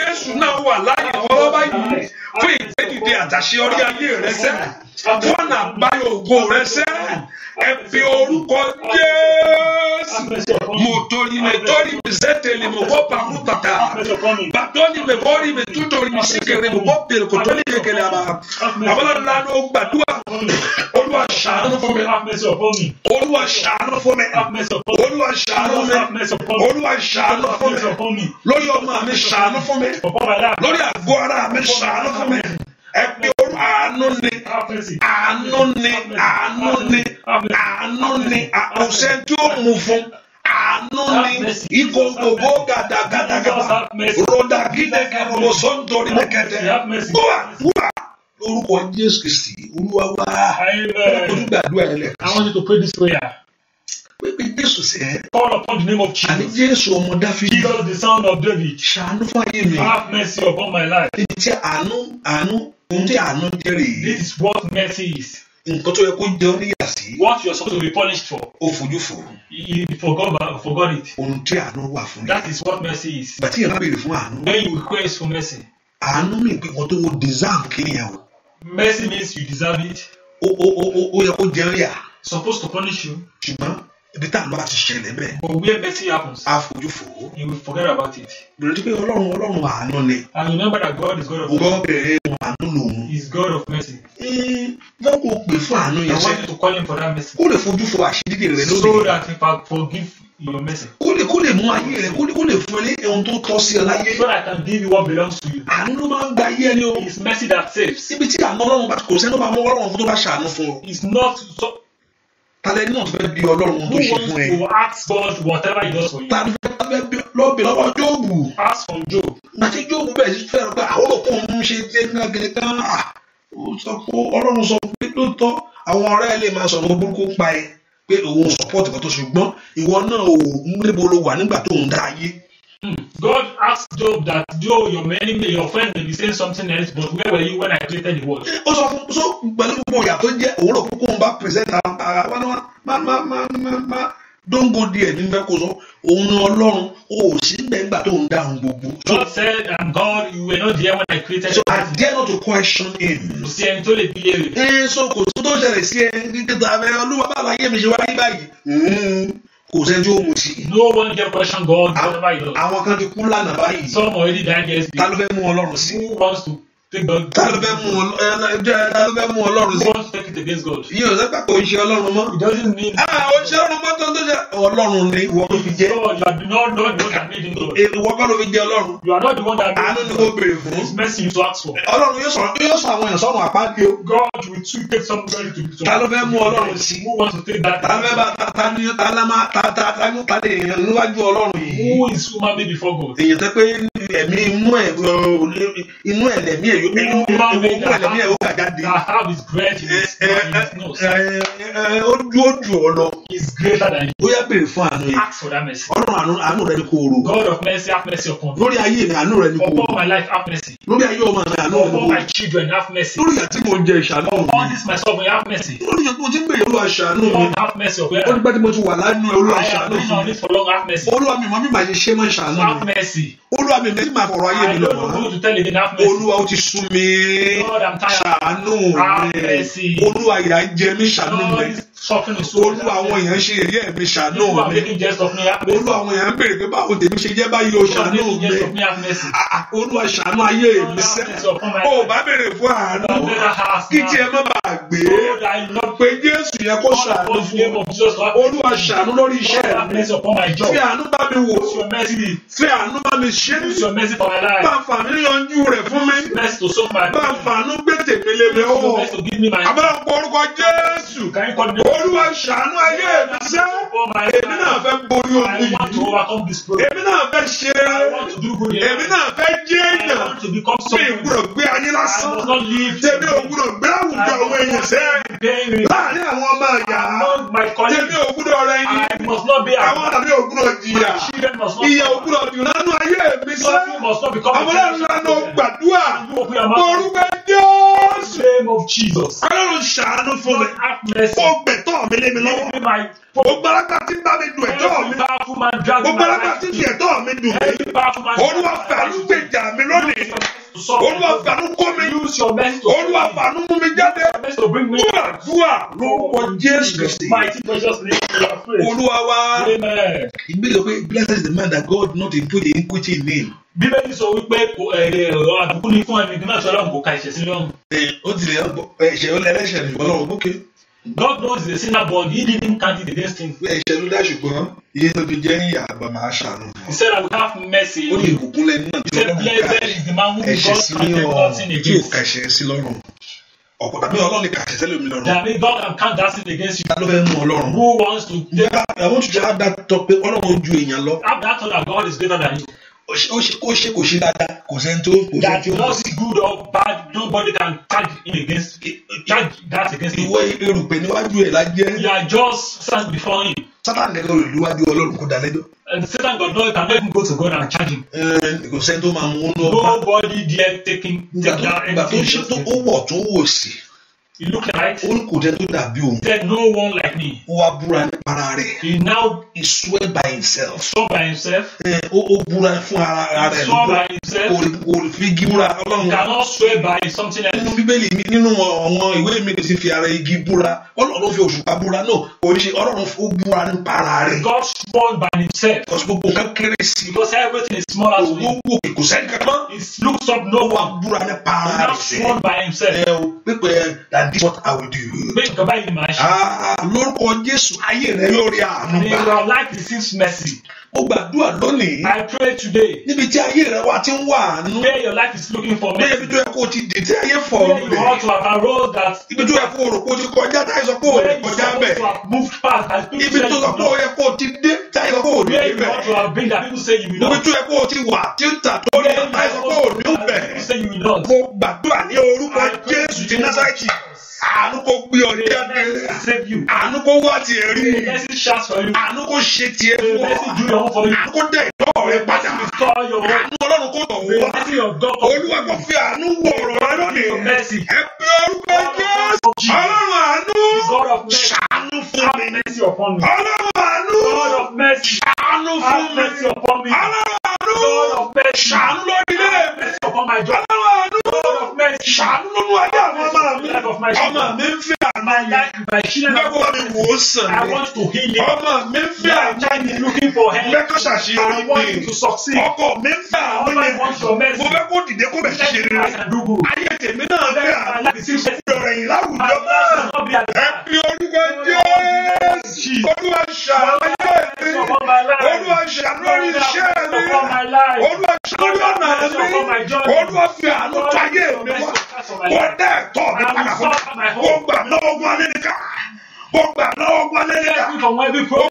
jésù náà wà láàyè lọ́wọ́lọ́wọ́ yìí fún ìgbédìde àtàṣe orí ayé rẹ sẹ́ fún ọ̀nà àbáyọ ògo rẹ sẹ́ ẹ fi orúkọ Jésù mòtòrì mẹtòrì mẹsẹtẹlẹ mọgbọ pàmò tàtà bàtọni mẹbọrì mẹtútòrì mẹsẹkẹrẹ mọgbọ pèrè kòtòlì yẹkẹlẹ àbá àbálàlá ló gbàdúrà Olúwa ṣàánú fún mi Olúwa ṣàánú fún mi Olúwa ṣàánú fún mi Olúwa ṣàánú fún mi lórí ọmọ mi ṣàánú fún mi lórí àgọ́ ara mi ṣàánú fún mi ẹ pé orú àánú ni àánú ni àánú ni àánú ni àkùsẹ́ tí ó mú fún àánú ni ikongogo gàdàgàdàgàdà rọdàgídẹgàdàgbò sọ́ńtòrí lẹ́kẹ̀tẹ̀ wúwa wúwa lórúkọ Jésù Kristi Olúwa wá olùgbàdúrà ẹlẹ́kẹ̀ẹ́. I want you to pray this prayer pé Jésù sẹ́. call upon the name of Jesus. àní Jésù Jesus the son of David. have mercy upon my life. this is what mercy is. what you are supposed to be punished for. You forgot, forgot it. that is what mercy is. when you request for mercy. àánú mi pé wọ́n tó wọ́n deserve kí o. mercy means you deserve it. ó ó ó ó yẹ kó jẹ ọ́ yà. supposed to punish you. ṣùgbọ́n ibi tá à bá ti ṣẹlẹ̀ bẹ́ẹ̀. but where mercy happens. a fojú fò you will forget about it. lórí pé ọlọ́run ọlọ́run àánú ni. and remember that God is God of mercy. ògbọ́n bẹ̀rẹ̀ wọn àánú lòun. he is God of mercy. ee wọ́n kò pè fún àánú yẹn I want you to call him for that mercy. kó lè fojú fò àṣírí rẹ lórí. so that he can forgive your mercy. kó lè kó lè mú ayé rẹ kó lè kó lè fún ẹ ní ohun tó tọ́ sí ẹ láyé. so that I can give you what belongs to you. àánú ló máa ń gba ayé ẹni o. it is mercy that saves. ibi tí àánú ọlọ́run bá kò sẹ́ni ó máa mú ọlọ́run tó bá ṣàánú fún ọ. it's not tàlẹ́ ní ọ̀tún fẹ́ bí ọlọ́run tó ṣe fún ẹ. who wants to ask God whatever he does for you. tàbí tàbí lọ́bì lọ́wọ́ jóòbù. ask from Job. nàti jóòbù bẹ̀rẹ̀ sí fẹ́ràn pé àwọn olùkọ́ òun ṣe dé gángan gángan à ó sọ pé ọlọ́run sọ pé lóòótọ́ àwọn ọ̀rẹ́ lè máa sọ̀rọ̀ burúkú pa ẹ pé òun support kan tó ṣùgbọ́n ìwọ náà ò ń níbo lo wà nígbà tó ń dá ayé. God asked Job that though your enemy your friend may be saying something else but where were you when I created the world. ó sọ fún so pẹ̀lú gbogbo ìyà tó jẹ́ òun rò kókó ń bá present ara wa náà má má má má má dóńgò díẹ̀ ní mẹ́kọ̀ọ́ sọ òun ni Ọlọ́run ó sì gbẹ̀ngbà tó ń dáhùn gbogbo. God said and God you were not there when I created. so I dare not to question him. kò sí ẹni tó lè bí léèrè. ẹ eh, so kò sí tó ṣẹlẹ̀ sí ẹ nígbà tó abẹ́ Olúwa bàbá yé mi ṣe wáyé báyìí. Hmm kò sẹ́ni tí ó mu sí. no one can question God whatever he does. àwọn kan ti kú lánàá báyìí. some already died yesterday. ta ló fẹ́ mú Ọlọ́run sí. who wants to ta ló fẹ́ mú ọlọ́run sí. iye ọ̀sẹ̀ pàpọ̀ oṣù ọlọ́run mọ́. oṣù ah, ọlọ́run mọ́ tó ń tó ṣe ọlọ́run ni ìwọ ló fi jẹ́. ìwọ kọ́ ló fi jẹ́ ọlọ́run. àánú ni mo béèrè fún. ọlọ́run yóò sọ yóò sọ àwọn èèyàn sọ́run àpáàdé o. ta ló fẹ́ mú ọlọ́run sí. ta ló fẹ́ bá ta ni ta lama ta ta ta lè níwájú ọlọ́run yìí. èèyàn tẹ́ pé ẹ̀mí inú ẹ̀ inú ẹ̀ lẹ̀mí ẹ̀ yóò inú ẹ̀ lẹ̀mí ẹ̀ yóò kà jáde. ó ju ó ju ọ lọ. ó yá béèrè fún àánú yẹn. ọlọ́run àánú rẹ ni kó o rò. lórí ayé mi àánú rẹ ni kó o rò. lórí ayé ọmọ mi àánú rẹ ni kó o rò. lórí àti mo jẹ ìṣàánú mi. lórí àti mo ti ń béèrè olúwa ṣàánú mi. ó dúpẹ́ tí mo ti wà lánàá olúwa ṣàánú mi. olúwa mi mọ̀ mi bàjẹ́ ṣé máa ṣàánú mi. olúwa mi tí màá fọ̀rọ̀ ayé mi lọ mọ́ olúwa ó ti sún mi ṣàánú mi olúwa ìyà ń jẹ mí ṣàánú mi sọ fún mi sóòrò olú àwọn èèyàn ṣe èrí ẹ̀mí ṣàánú mi olú àwọn èèyàn béèrè pé báwo tèmi ṣe jẹ́ báyìí o ṣàánú mi ah, ah, olúwa ṣàánú ayé mi sẹ́ o bá béèrè fún àánú kí tí ẹ má bàa gbé pé Jésù yẹ kó ṣàánú fún olúwa ṣàánú lórí iṣẹ́ mi fi àánú bá mi wò fi àánú bá mi ṣe bá yanjú rẹ̀ fún mi bá gbé tèmi lé mi ọwọ́ àbúrò orúkọ Jésù olúwa ṣàánú ayé mi sẹ́ èmi náà fẹ́ borí ogun yìí èmi náà fẹ́ ṣe èmi náà fẹ́ jẹ́ èèyàn mi ìgbúrọ̀ gbé ayé lásán tèmi ògbúrọ̀ gbé àwùjọ àwọn èèyàn sẹ́ láàrin àwọn ọmọ àyà tèmi ògbúrọ̀ rẹ yín àwọn àmì ògbúrọ̀ jìyà ìyà ògbúrọ̀ jù lánàá ayé mi sẹ́ ọmọlẹ́nu lánàá gbàdúrà orúkọ jẹ́. Jésù. name of Jesus. Ọlọ́run ṣàánú fún mi. Mo gbẹ̀tọ́ mi lé mi lọ́wọ́. Gbogbo alágbà tí bá mi dùn ẹ̀tọ́ mi. Gbogbo alágbà tí dùn ẹ̀tọ́ mi dùn mí. Olúwa fẹ́ àlùfẹ́jà mi lónìí olúwa fàánú kó mi olúwa fàánú mú mi jáde dúà dúà lórúkọ jésù kristi olúwa wa ìgbésẹ̀ pé blessed is the man that God not put the iniquity in him. bíbélì sọ wípé eh, eh, àbùkù ni fún ẹnì náà sọ kò ka ẹ̀ṣẹ̀ sí lọ́run. Eh, ó tilẹ̀ ẹ̀ṣẹ̀ ó lẹ́lẹ́ṣẹ̀ ní ọlọ́run ókè. God knows the sinner but he didn't count it against him. Bí ẹ̀ṣẹ̀ ló dá ṣùgbọ́n iye tó ti jẹ́ níyà àgbà máa ṣàánú. He said I will have mercy. Ó ní ìbùkún lẹ́nu náà. He said blessed is the man who God counted nothing against. Kí o kàṣẹ sí lọ́rùn. Ọ̀pọ̀ tàbí Ọlọ́run lè kàṣẹ sẹ́lẹ̀ mi lọ́rùn. Dàbí God can count that sin against you. Ta ló fẹ́ mú Ọlọ́run? Who wants to take. I want you to have that talk pé Ọlọ́run ju èèyàn lọ. Have that thought that God is greater than you ó ṣe kó ṣe kò ṣe dáadáa kò sẹ́ni tó tó. that was good or bad nobody can charge him against charge that against him. ìwọ erùpẹ̀ níwájú ẹ̀ la jẹ́. you are just stand before him. Sátánì nìkan lè lúwájú Ọlọ́run kó dalẹ́jọ́. and Satan God no can even go to God and charge him. Eh, kò sẹ́ni tó máa mú un lọ. nobody there taking take that. ìgbà tó ṣe tó ó wọ̀ tó wò sí he look alike. ó kò tó dàbí òun. there no one like me. ó wá búra nípa ara rẹ̀. he now he swear by himself. swear by himself. Eh, ó ó búra fún ara rẹ̀. he swear by himself. kò kò fi igi búra ọlọ́run. he cannot swear by something else. nínú bíbélì mi nínú àwọn ìwé mi ti fi ara igi búra ọlọ́run fi òṣùpá búra náà kò ọlọ́run ó búra nípa ara rẹ̀. God swore by himself. because gbogbo nǹkan kéré sí. because everything is small as we. owó kò sẹ́ńkẹ́ mọ́. it looks up no one. búra nípa ara rẹ̀. he now swore by himself. ẹ o pípẹ́ dàdí this is what I will do. pé ìjọba yìí máa ṣe. lórúkọ Jésù ayé rẹ yóò rí àánú gbà. in your life receives mercy. mo gbàdúrà lónìí. I pray today. níbi tí ayé rẹ wá ti ń wà àánú. where your life is looking for mercy. bẹ́ẹ̀ bí tó yẹ kó o ti ayé fọ̀ ọ́ lè. where you want to have a road that. ibi tó yẹ kó rò kó ti kọjá táyé sọ pé o rè kọjá bẹ̀. where you want to have moved past. ibi tó sọ pé o yẹ kó ti dé táyé kó o ní ibẹ̀. mo bí tó yẹ kó o ti wà tí ń tà tó ní táyé kó o ní ibẹ̀. mo gbàdúrà ní orúkọ Jésù ti Násárẹ́tì àánú kó gbé ọ ní abẹ́rẹ́ àánú kó wá tiẹ̀ rí àánú kó ṣe tiẹ̀ fún ọ àánú kó dẹ̀ rẹ padà. àánú ọlọ́run kò tọ̀ wọ́. olúwa kò fi àánú wọ ọ̀rọ̀ rẹ lónìí. ẹ pé orúkọ jésù. ọlọ́run àánú ṣàánú fún mi. ọlọ́run àánú ṣàánú fún mi. ọlọ́run àánú ṣàánú lórí ilé mi. ọlọ́run àánú ṣàánú lórí ayé àwọn ọmọ mi. ọmọ mi ń fẹ́ Lọ́wọ́ mi wò ó sàn Ọmọ mi ń fẹ́ àjẹ́ mi. Lẹ́kọ̀ọ́ ṣàṣeyọrí mi to succeed. ọkọ mi ń bá àwọn yẹn mo fẹ́ kó dìde kó bẹ̀ ṣe rere ayé tèmi náà fẹ́ àlọ́rẹ̀ yìí láwùjọ ẹ fi orúkọ Jésù olúwa ṣàlàyé mi olúwa ṣàlórí iṣẹ́ mi olúwa ṣàlórí ọ̀nà mi olúwa fi àánú táyé mi wá kó dẹ́ mi padà fún mi kó gbà mí lọ́wọ́ gbọ́n nínú mo gbà lọ́wọ́ wọlé nígbà mo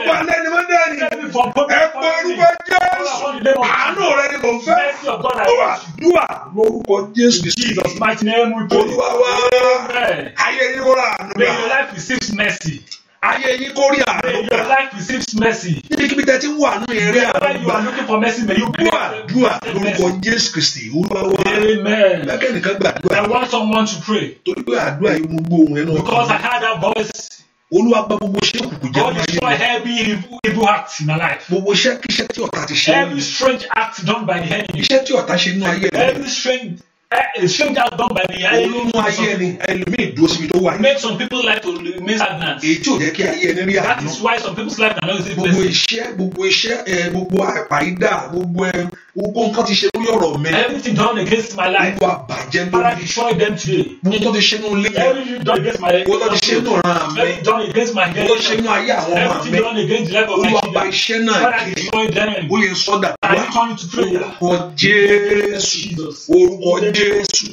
wọlé ní mọ́ndẹ́ẹ̀lì ẹ̀pọ̀ orúkọ jésù àánú rẹ ni mo fẹ́ dùwà dùwà lórúkọ jésù olúwa wá ayé yìí kó rà ànúgbà ayé yín kó rí àánú gbà. your life receives mercy. níbi tẹ́tí wà nù eré àánú gbà. whenever you are looking for mercy may you be blessed. gbàdúrà lórúkọ Jésù Kristi olúwa wa. amen. bẹ́ẹ̀ gbàdúrà. I want someone to pray. torí pé àdúrà yìí mo gbọ́ ohùn because I heard that voice olúwa gba gbogbo iṣẹ́ òkùnkùn jẹ́ ọmọ ayé mi. God destroy every evil, evil act in my life. gbogbo iṣẹ́ kí iṣẹ́ tí ọ̀tá ti ṣe. every strange act done by the enemy. iṣẹ́ tí ọ̀tá ṣe nínú ayé mi. every strange ṣé eh, that eh, done by me. olú mú ayé ẹni ẹlòmíì dúró síbi tó wà. make some people like to remain stagnant. èyí ò jẹ́ kí ayé ẹni rí àná. that is why some people's life na not easy place. gbogbo iṣẹ́ gbogbo iṣẹ́ gbogbo àìpàdà gbogbo ẹ gbogbo nǹkan ti ṣe lórí ọ̀rọ̀ mi. everything done against my life. gbogbo àbàjẹ́ lórí. Father destroy them today. gbogbo tó ti ṣe nínú ilé everything done against my head. gbogbo ti ṣe nínú ọ̀ràn mi. everything done against my head. gbogbo tó ṣe nínú ayé àwọn ọmọ mi. everything done against the life of my children. olùwàbà iṣẹ́ náà kiri. ó lè sọ jésù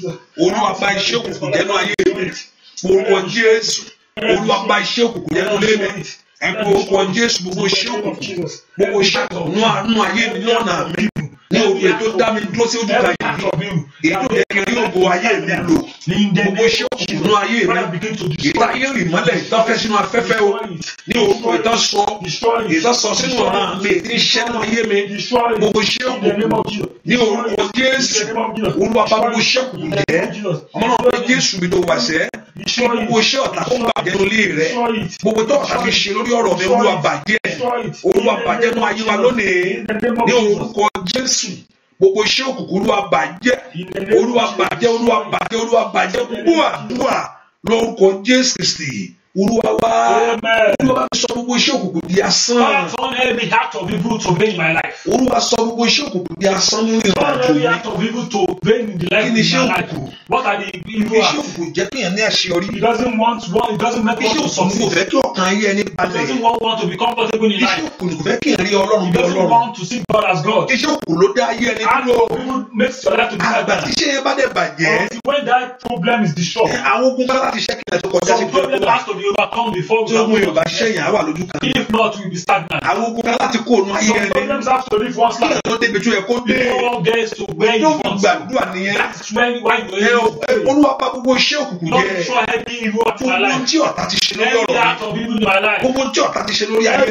olúwa bá iṣẹ́ òkùnkùn jẹ́nu ayé mi orúkọ jésù olúwa bá iṣẹ́ òkùnkùn jẹ́nu lé mi ẹ̀kọ́ orúkọ jésù gbogbo iṣẹ́ òkùnkùn gbogbo iṣẹ́ àtọ̀nú àánú ayé mi lọ́nà mi ní orí ètò dá dúró sí ojú kan yìí ètò yẹ kí ayé mi lò gbogbo iṣẹ́ òkùnkùn ayé mi ìta ayé ìmọ́lẹ̀ ìtafẹ́ sínú afẹ́fẹ́ o ní orúkọ ìta sọ ìta sọ sínú ọ̀ràn mi ètò iṣẹ́ náà ayé mi gbogbo iṣẹ́ òkùnkùn ní orúkọ Jésù Olúwa bá gbogbo iṣẹ́ òkùnkùn jẹ́ mọ́nà pé Jésù mi ló wà gbogbo iṣẹ́ ọ̀tá tó ń bàjẹ́ lórí rẹ̀ gbogbo tó ọ̀tá fi ṣe lórí ọ̀rọ̀ mi Olúwa bàjẹ́ Olúwa ayé wa lónìí ní orúkọ Jésù. Jésù gbogbo iṣẹ́ òkùnkùn olúwa bàjẹ́ olúwa bàjẹ́ olúwa bàjẹ́ olúwa bàjẹ́ gbogbo àdúrà lórúkọ Jésù Kristi. Olúwa wá Olúwa sọ gbogbo iṣẹ́ òkùnkùn di asán. Father turn every heart of people to bend my life. Olúwa sọ gbogbo iṣẹ́ òkùnkùn di asán nínú ìrìn àjò mi. Turn every heart of people to bend the life of my life. Kí ni iṣẹ́ òkùnkùn? What are the evil acts? Iṣẹ́ òkùnkùn jẹ́ kéèyàn ní àṣeyọrí. He doesn't want one he doesn't make one Iṣẹ́ òkùnkùn fẹ́ kí ọkàn ayé ẹni balẹ̀. He doesn't want one to be comfortable in life. Iṣẹ́ He doesn't want to see God as God. Iṣẹ́ òkùnkùn People makes your life to be better. when that problem is destroyed. Àwọn ogun problem has to overcome the fault. tí ogun Yorùbá ṣẹ̀yìn àwa lójú kan. if not we be stagnant. àwọn ogun kan láti kó ònú ayé ẹni. some problems have to live once. side. kílẹ̀ tó débi tó yẹ kó dé. before gets to where you want. yóò gbàdúrà nìyẹn. that's when why you dey do it. olúwa pa gbogbo iṣẹ́ òkùnkùn jẹ. not sure every evil at my life. gbogbo tí ọ̀tá ti ṣe lórí ọ̀rọ̀ mi. every act of ti ṣe lórí ayé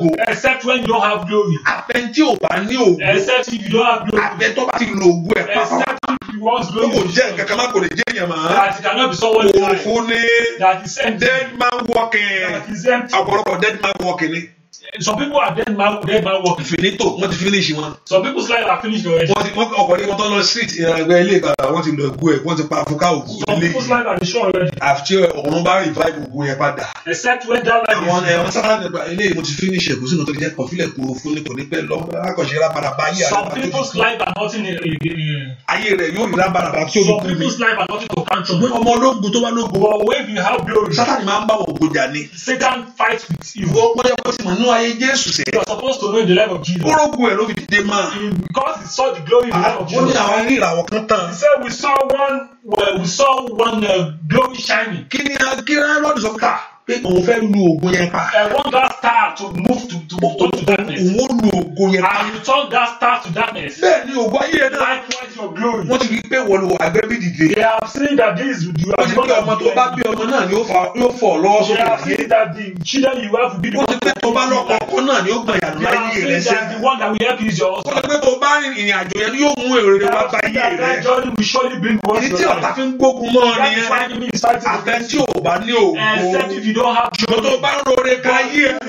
mi. except when you don't have glory. àfẹ́ntí ò bá ní except if you don't have glory. àfẹ́ntọ́ bá ti lo except if you want glory. ó kò jẹ́ nǹkan má kò lè jẹ́ èèyàn òkú ní dead man walking ọ̀pọ̀lọpọ̀ dead man walking ni some people are dead man dead man work. finito wọ́n ti finish wọn. some people's life are finished already. wọ́n ti wọ́n ọkùnrin wọn tó lọ street ìrànlọ́gbẹ́ eh, ilé ìkàlà wọ́n ti lọ ògùn ẹ̀ wọ́n ti pa àfúkà ògùn ilé. some people's life are sure already. àfi ọ̀run bá revive ògùn yẹn padà. except when that life is. àwọn ẹ̀wọ̀n eh, sábà nípa ilé ìmọ̀ ti finish ẹ̀kú sínú tó ti jẹ́ kọ̀fílẹ̀ kó fún ní kò ní pẹ́ lọ akọ̀ṣe lábàrà bá yé àgbà tó ti sùn. some people's life ayé Jésù ṣe. you are supposed to know the life of Jesus. kórógùn ẹ̀ ló fi dìde máa. because he saw the glory in the life of Jesus. ó ní àwọn rí ìràwọ̀ kan tán. he said we saw one well, we saw one uh, glory shining. kí ni kí lọ́dún sọ pé òun fẹ́ lu oògùn yẹn pa. ẹ̀ gbà star to move to to to darkness. and you turn that star to darkness. bẹ́ẹ̀ ni ayé yẹn náà. likewise your glory. wọ́n ti rí pé wọ́n lu àgbẹ̀ dìde. they have seen that this is are the one that ọmọ tó bá bí ọmọ náà ni yóò fọ lọ́wọ́ sókè. they have seen that the children you have will wọ́n ti pé tó bá lọ́kọ̀ ọkọ náà ni ó gbọ̀n yàrá ayé rẹ̀ sẹ́yìn. they have seen that the one that will help is your husband. wọ́n ti pé tó bá ìrìn àjò yẹn ni yóò mú èrè rẹ̀ wá bá ayé rẹ̀. that journey will surely bring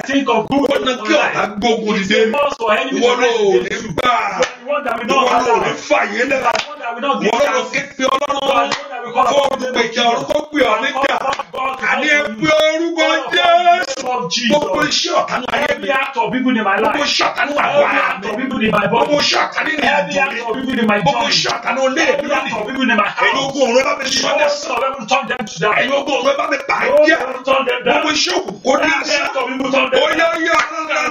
think of good. Wọ́n náà kí ọ̀tá gbógun dìde. Ìwọ́n náà ò ní gbà wọn lò ní fàyè lẹ́la wọn lọ képe ọlọ́run kó o gbèjà orúkọ pè ọ́ níjà àní ẹgbẹ́ orúkọ jésù gbogbo iṣẹ́ ọ̀tá ní ayé mi gbogbo iṣẹ́ ọ̀tá ní wàhálà mi gbogbo iṣẹ́ ọ̀tá ní ìyàtọ̀ mi gbogbo iṣẹ́ ọ̀tá ní olé mi ẹ̀yin ogun òun bá mi sọ́dẹ̀ ẹ̀yin ogun òun bá mi bàjẹ́ gbogbo iṣẹ́ òkú kó dá sí oyè oyè ọ̀nà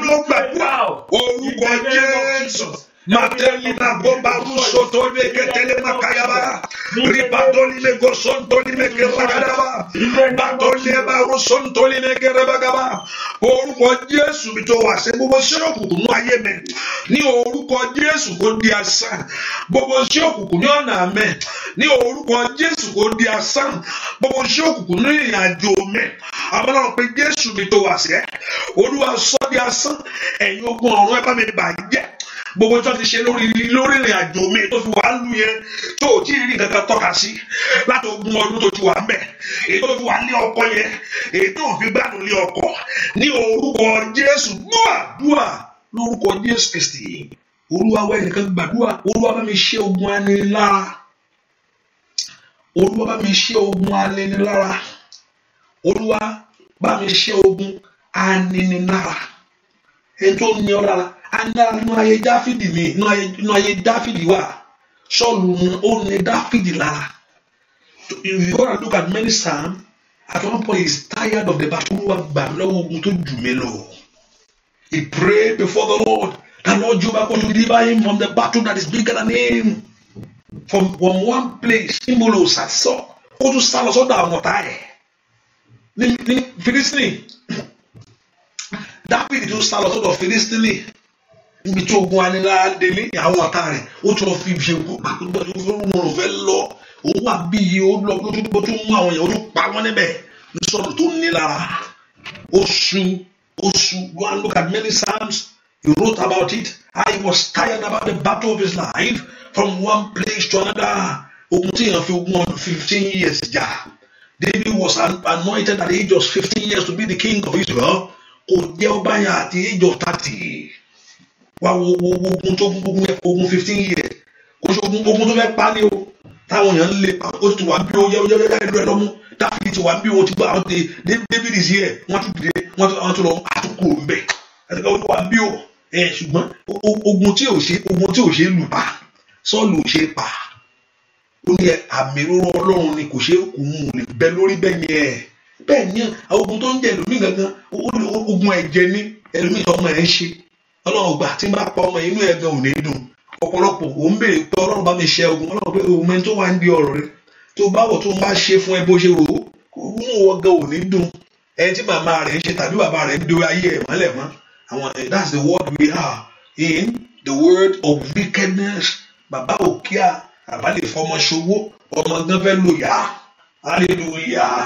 orúkọ jésù. Mateli na bomba ruso tole ketele makayaba. Ribadoli me goson toli me keragaba. Batoli ba ruson toli me keragaba. oru Jésù mi tó wà ṣe gbogbo sí òkùnkùn ní ayé mi. Ní orúkọ Jésù kò di asán. Gbogbo sí òkùnkùn ní ọ̀nà mi. Ní orúkọ Jésù kò di asán. Gbogbo sí òkùnkùn ní ìrìn àjò mi. Àbọ̀lọ́ pé Jésù mi tó wà ṣe. Olúwa sọ di asán. Ẹ̀yin ogun ọ̀run ẹ bá mi bàjẹ́ gbogbo tí wọ́n ti ṣe lórí lórí ìrìn àjò mi tó fi wà lù yẹn tó ò tí ì rí nǹkan tọ́ka sí láti ogún ọdún tó ti wà ń bẹ̀ èyí tó fi wà ní ọkọ yẹn èyí tó fi gbádùn ní ọkọ ní orúkọ Jésù gbúà gbúà lórúkọ Jésù Kristi Olúwa wá ẹnìkan gbàdúrà mi ṣe ogun anilára Olúwa mi ṣe ogun aninilára Olúwa bá mi ṣe ogun aninilára ẹni tó ní ọ lára agbára uh, inú ayé dáfídì ni inú ayé dáfídì wà sọ́ọ̀lù ó ní dáfídì lára you go and look at many psalms at one point he is tired of the battle olúwa gbà lọ́wọ́ ogun tó jù mí lọ he pray before the lord that lord jehovah go deliver him from the battle that is bigger than him from from one place simbolo sasọ ó tún sá lọ sọ́dọ̀ àwọn ọ̀tá ẹ̀ ní ní filistini dáfídì tún sá lọ sọ́dọ̀ filistini níbi tí ogun aniládélé àwọn ọ̀tá rẹ̀ ó tún lọ fi ṣe nǹkan pàtó tó fẹ́ mú fẹ́ lọ ó wà iye ó tó mú àwọn èèyàn ó pa wọ́n níbẹ̀ nísọ̀rọ̀ tó nílara oṣù oṣù go and look at many psalms he wrote about it I was tired about the battle of his life from one place to another ogun tí èèyàn fi ogun fifteen years jà David was anointed at the age of fifteen years to be the king of Israel kò jẹ́ ọba yẹn at the age of thirty wá wo ogun tó ogun fifteen years kò ṣe ogun ogun tó fẹ́ pa ni o táwọn èèyàn ń lè pa ó ti wà bí ó yẹ ó yẹ ó yẹ lọ́ọ́ mú dáfídì ti wà bí ó ti gbọ́ àwọn tẹ débìdì sí ẹ̀ wọ́n ti dìde wọ́n ti wọ́n ti lọ àtúkò mbẹ́ àtúkò ó wà bí o ẹ̀ ṣùgbọ́n ogun tí ò ṣe ogun tí ò ṣe lù pa sọ́ọ̀lù ò ṣe pa ó ní àmì róró ọlọ́run ni kò ṣe kò mú un lè bẹ lórí bẹ́ẹ̀ yẹn ẹ̀ bẹ́ẹ̀ ni ogun tó ń jẹ ẹlòmíì gangan ogun ẹ̀jẹ̀ ni ẹlòmíì ọmọ ẹ̀ ń ṣe ọlọ́run gbà tí n bá pa ọmọ inú ẹ̀gbẹ́ ò ní dùn ọ̀pọ̀lọpọ̀ ò ń béèrè pé ọlọ́run bá mi ṣe ogun ọlọ́run pé òun tó wà ń di ọ̀rọ̀ rẹ tó bá tó ń bá ṣe fún ẹ bó ṣe rò ó inú wọn gan ò ní dùn ẹni tí màmá rẹ̀ ń ṣe tàbí bàbá rẹ̀ ń do ayé ẹ̀ mọ́lẹ̀ mọ́ àwọn that's the world we are in the world of wickedness bàbá òkè à lè fọmọ ṣòwò ọmọ gan fẹ́ lò yá hallelujah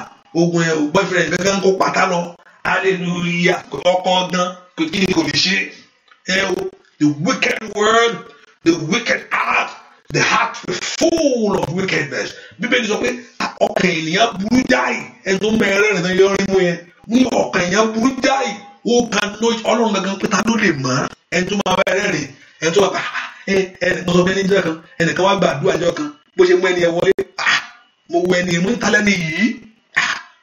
ogun ẹ̀ ò gbọ́ ìfẹ́ rẹ̀ gángan kó pátá lọ hallelujah ọkọ̀ gan kò kí ni kò lè ṣe hell, the wicked world, the wicked heart, the heart full of wickedness. Bíbélì sọ pé ọkàn ènìyàn burú jáì ẹ̀dùn mẹ́rin rẹ̀ yọ rímú yẹn ní ọkàn ènìyàn burú jáì ó kan ló ọlọ́run gangan pé ta ló lè mọ̀ ẹni tó máa bá rẹ̀ rìn ẹni tó bá ah, eh, eh, ẹni kan sọ fẹ́ níjọ́ kan ẹnìkan wá gbàdúrà jọ kan bó ṣe mú ẹni yẹn wọlé ah, mo wọ ẹni mú ìtàlẹ́ni yìí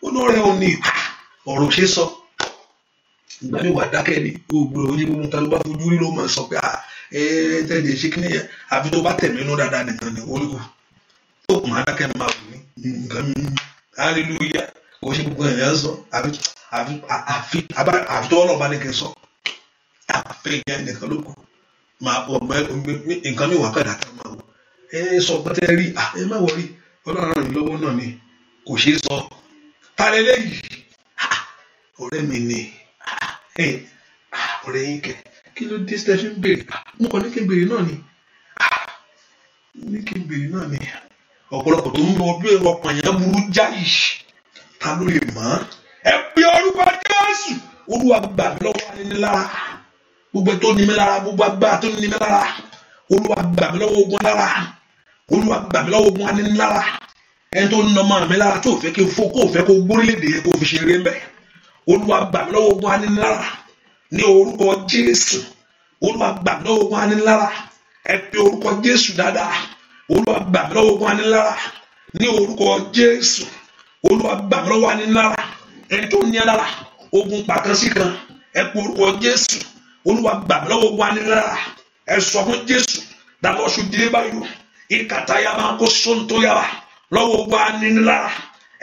ó lóore òní ọ̀rọ̀ ṣe sọ ìgbà wà dákẹ́ ni gbogbo oní gbogbo nǹkan ló bá fojú rí ló máa sọ pé tẹ̀lé ṣé kí ni àfi tó bá tẹ̀mí inú dáadáa nìkan ni olùkọ́ tó kùn máa máa wù mí nǹkan mi hallelujah kò ṣe gbogbo èèyàn sọ àfi tó ọlọ́ọ̀bá ní sọ àfi nìkan ló kù máa bọ̀ nǹkan mi wà kàdà kí n wò ẹ sọ pé tẹ́ rí ẹ má wọrí ọlọ́run lọ́wọ́ náà ni kò ṣeé sọ tálẹ́lẹ́yìí mi ni ọ̀rẹ́ yín kẹ kí ló dé stephen ń béèrè mo kàn ní kí n béèrè náà ni ní kí n béèrè náà ni ọ̀pọ̀lọpọ̀ tó ń lọ bí ọkàn yẹn burú jáì ta ló lè mọ̀ ẹ pé orúkọ jésù olúwa gbà mí lọ́wọ́ anínilára gbogbo tó ní mi lára gbogbo agbá tó ní mi lára olúwa gbà mí lọ́wọ́ ogun lára olúwa gbà mí lọ́wọ́ ogun anínilára ẹni tó ń nà ọmọ mi lára tó fẹ́ kí n fọ́ kó fẹ́ kó gbórílẹ̀ èdè yẹn kó fi ṣe eré mẹ́rin olúwa gbà mí lọ́wọ́ ogun anilára ní orúkọ jésù olúwa gbà mí lọ́wọ́ ogun anilára ẹ pe orúkọ jésù dáadáa olúwa gbà mí lọ́wọ́ ogun anilára ní orúkọ jésù olúwa gbà mí lọ́wọ́ anilára ẹ tó ní alára ogun pàkànsí kan ẹ pe orúkọ jésù olúwa gbà mí lọ́wọ́ ogun anilára ẹ sọ fún jésù dàbọ̀ ṣù báyìí ìkàtà yaba kó sóńtó yaba lọ́wọ́ ogun anilára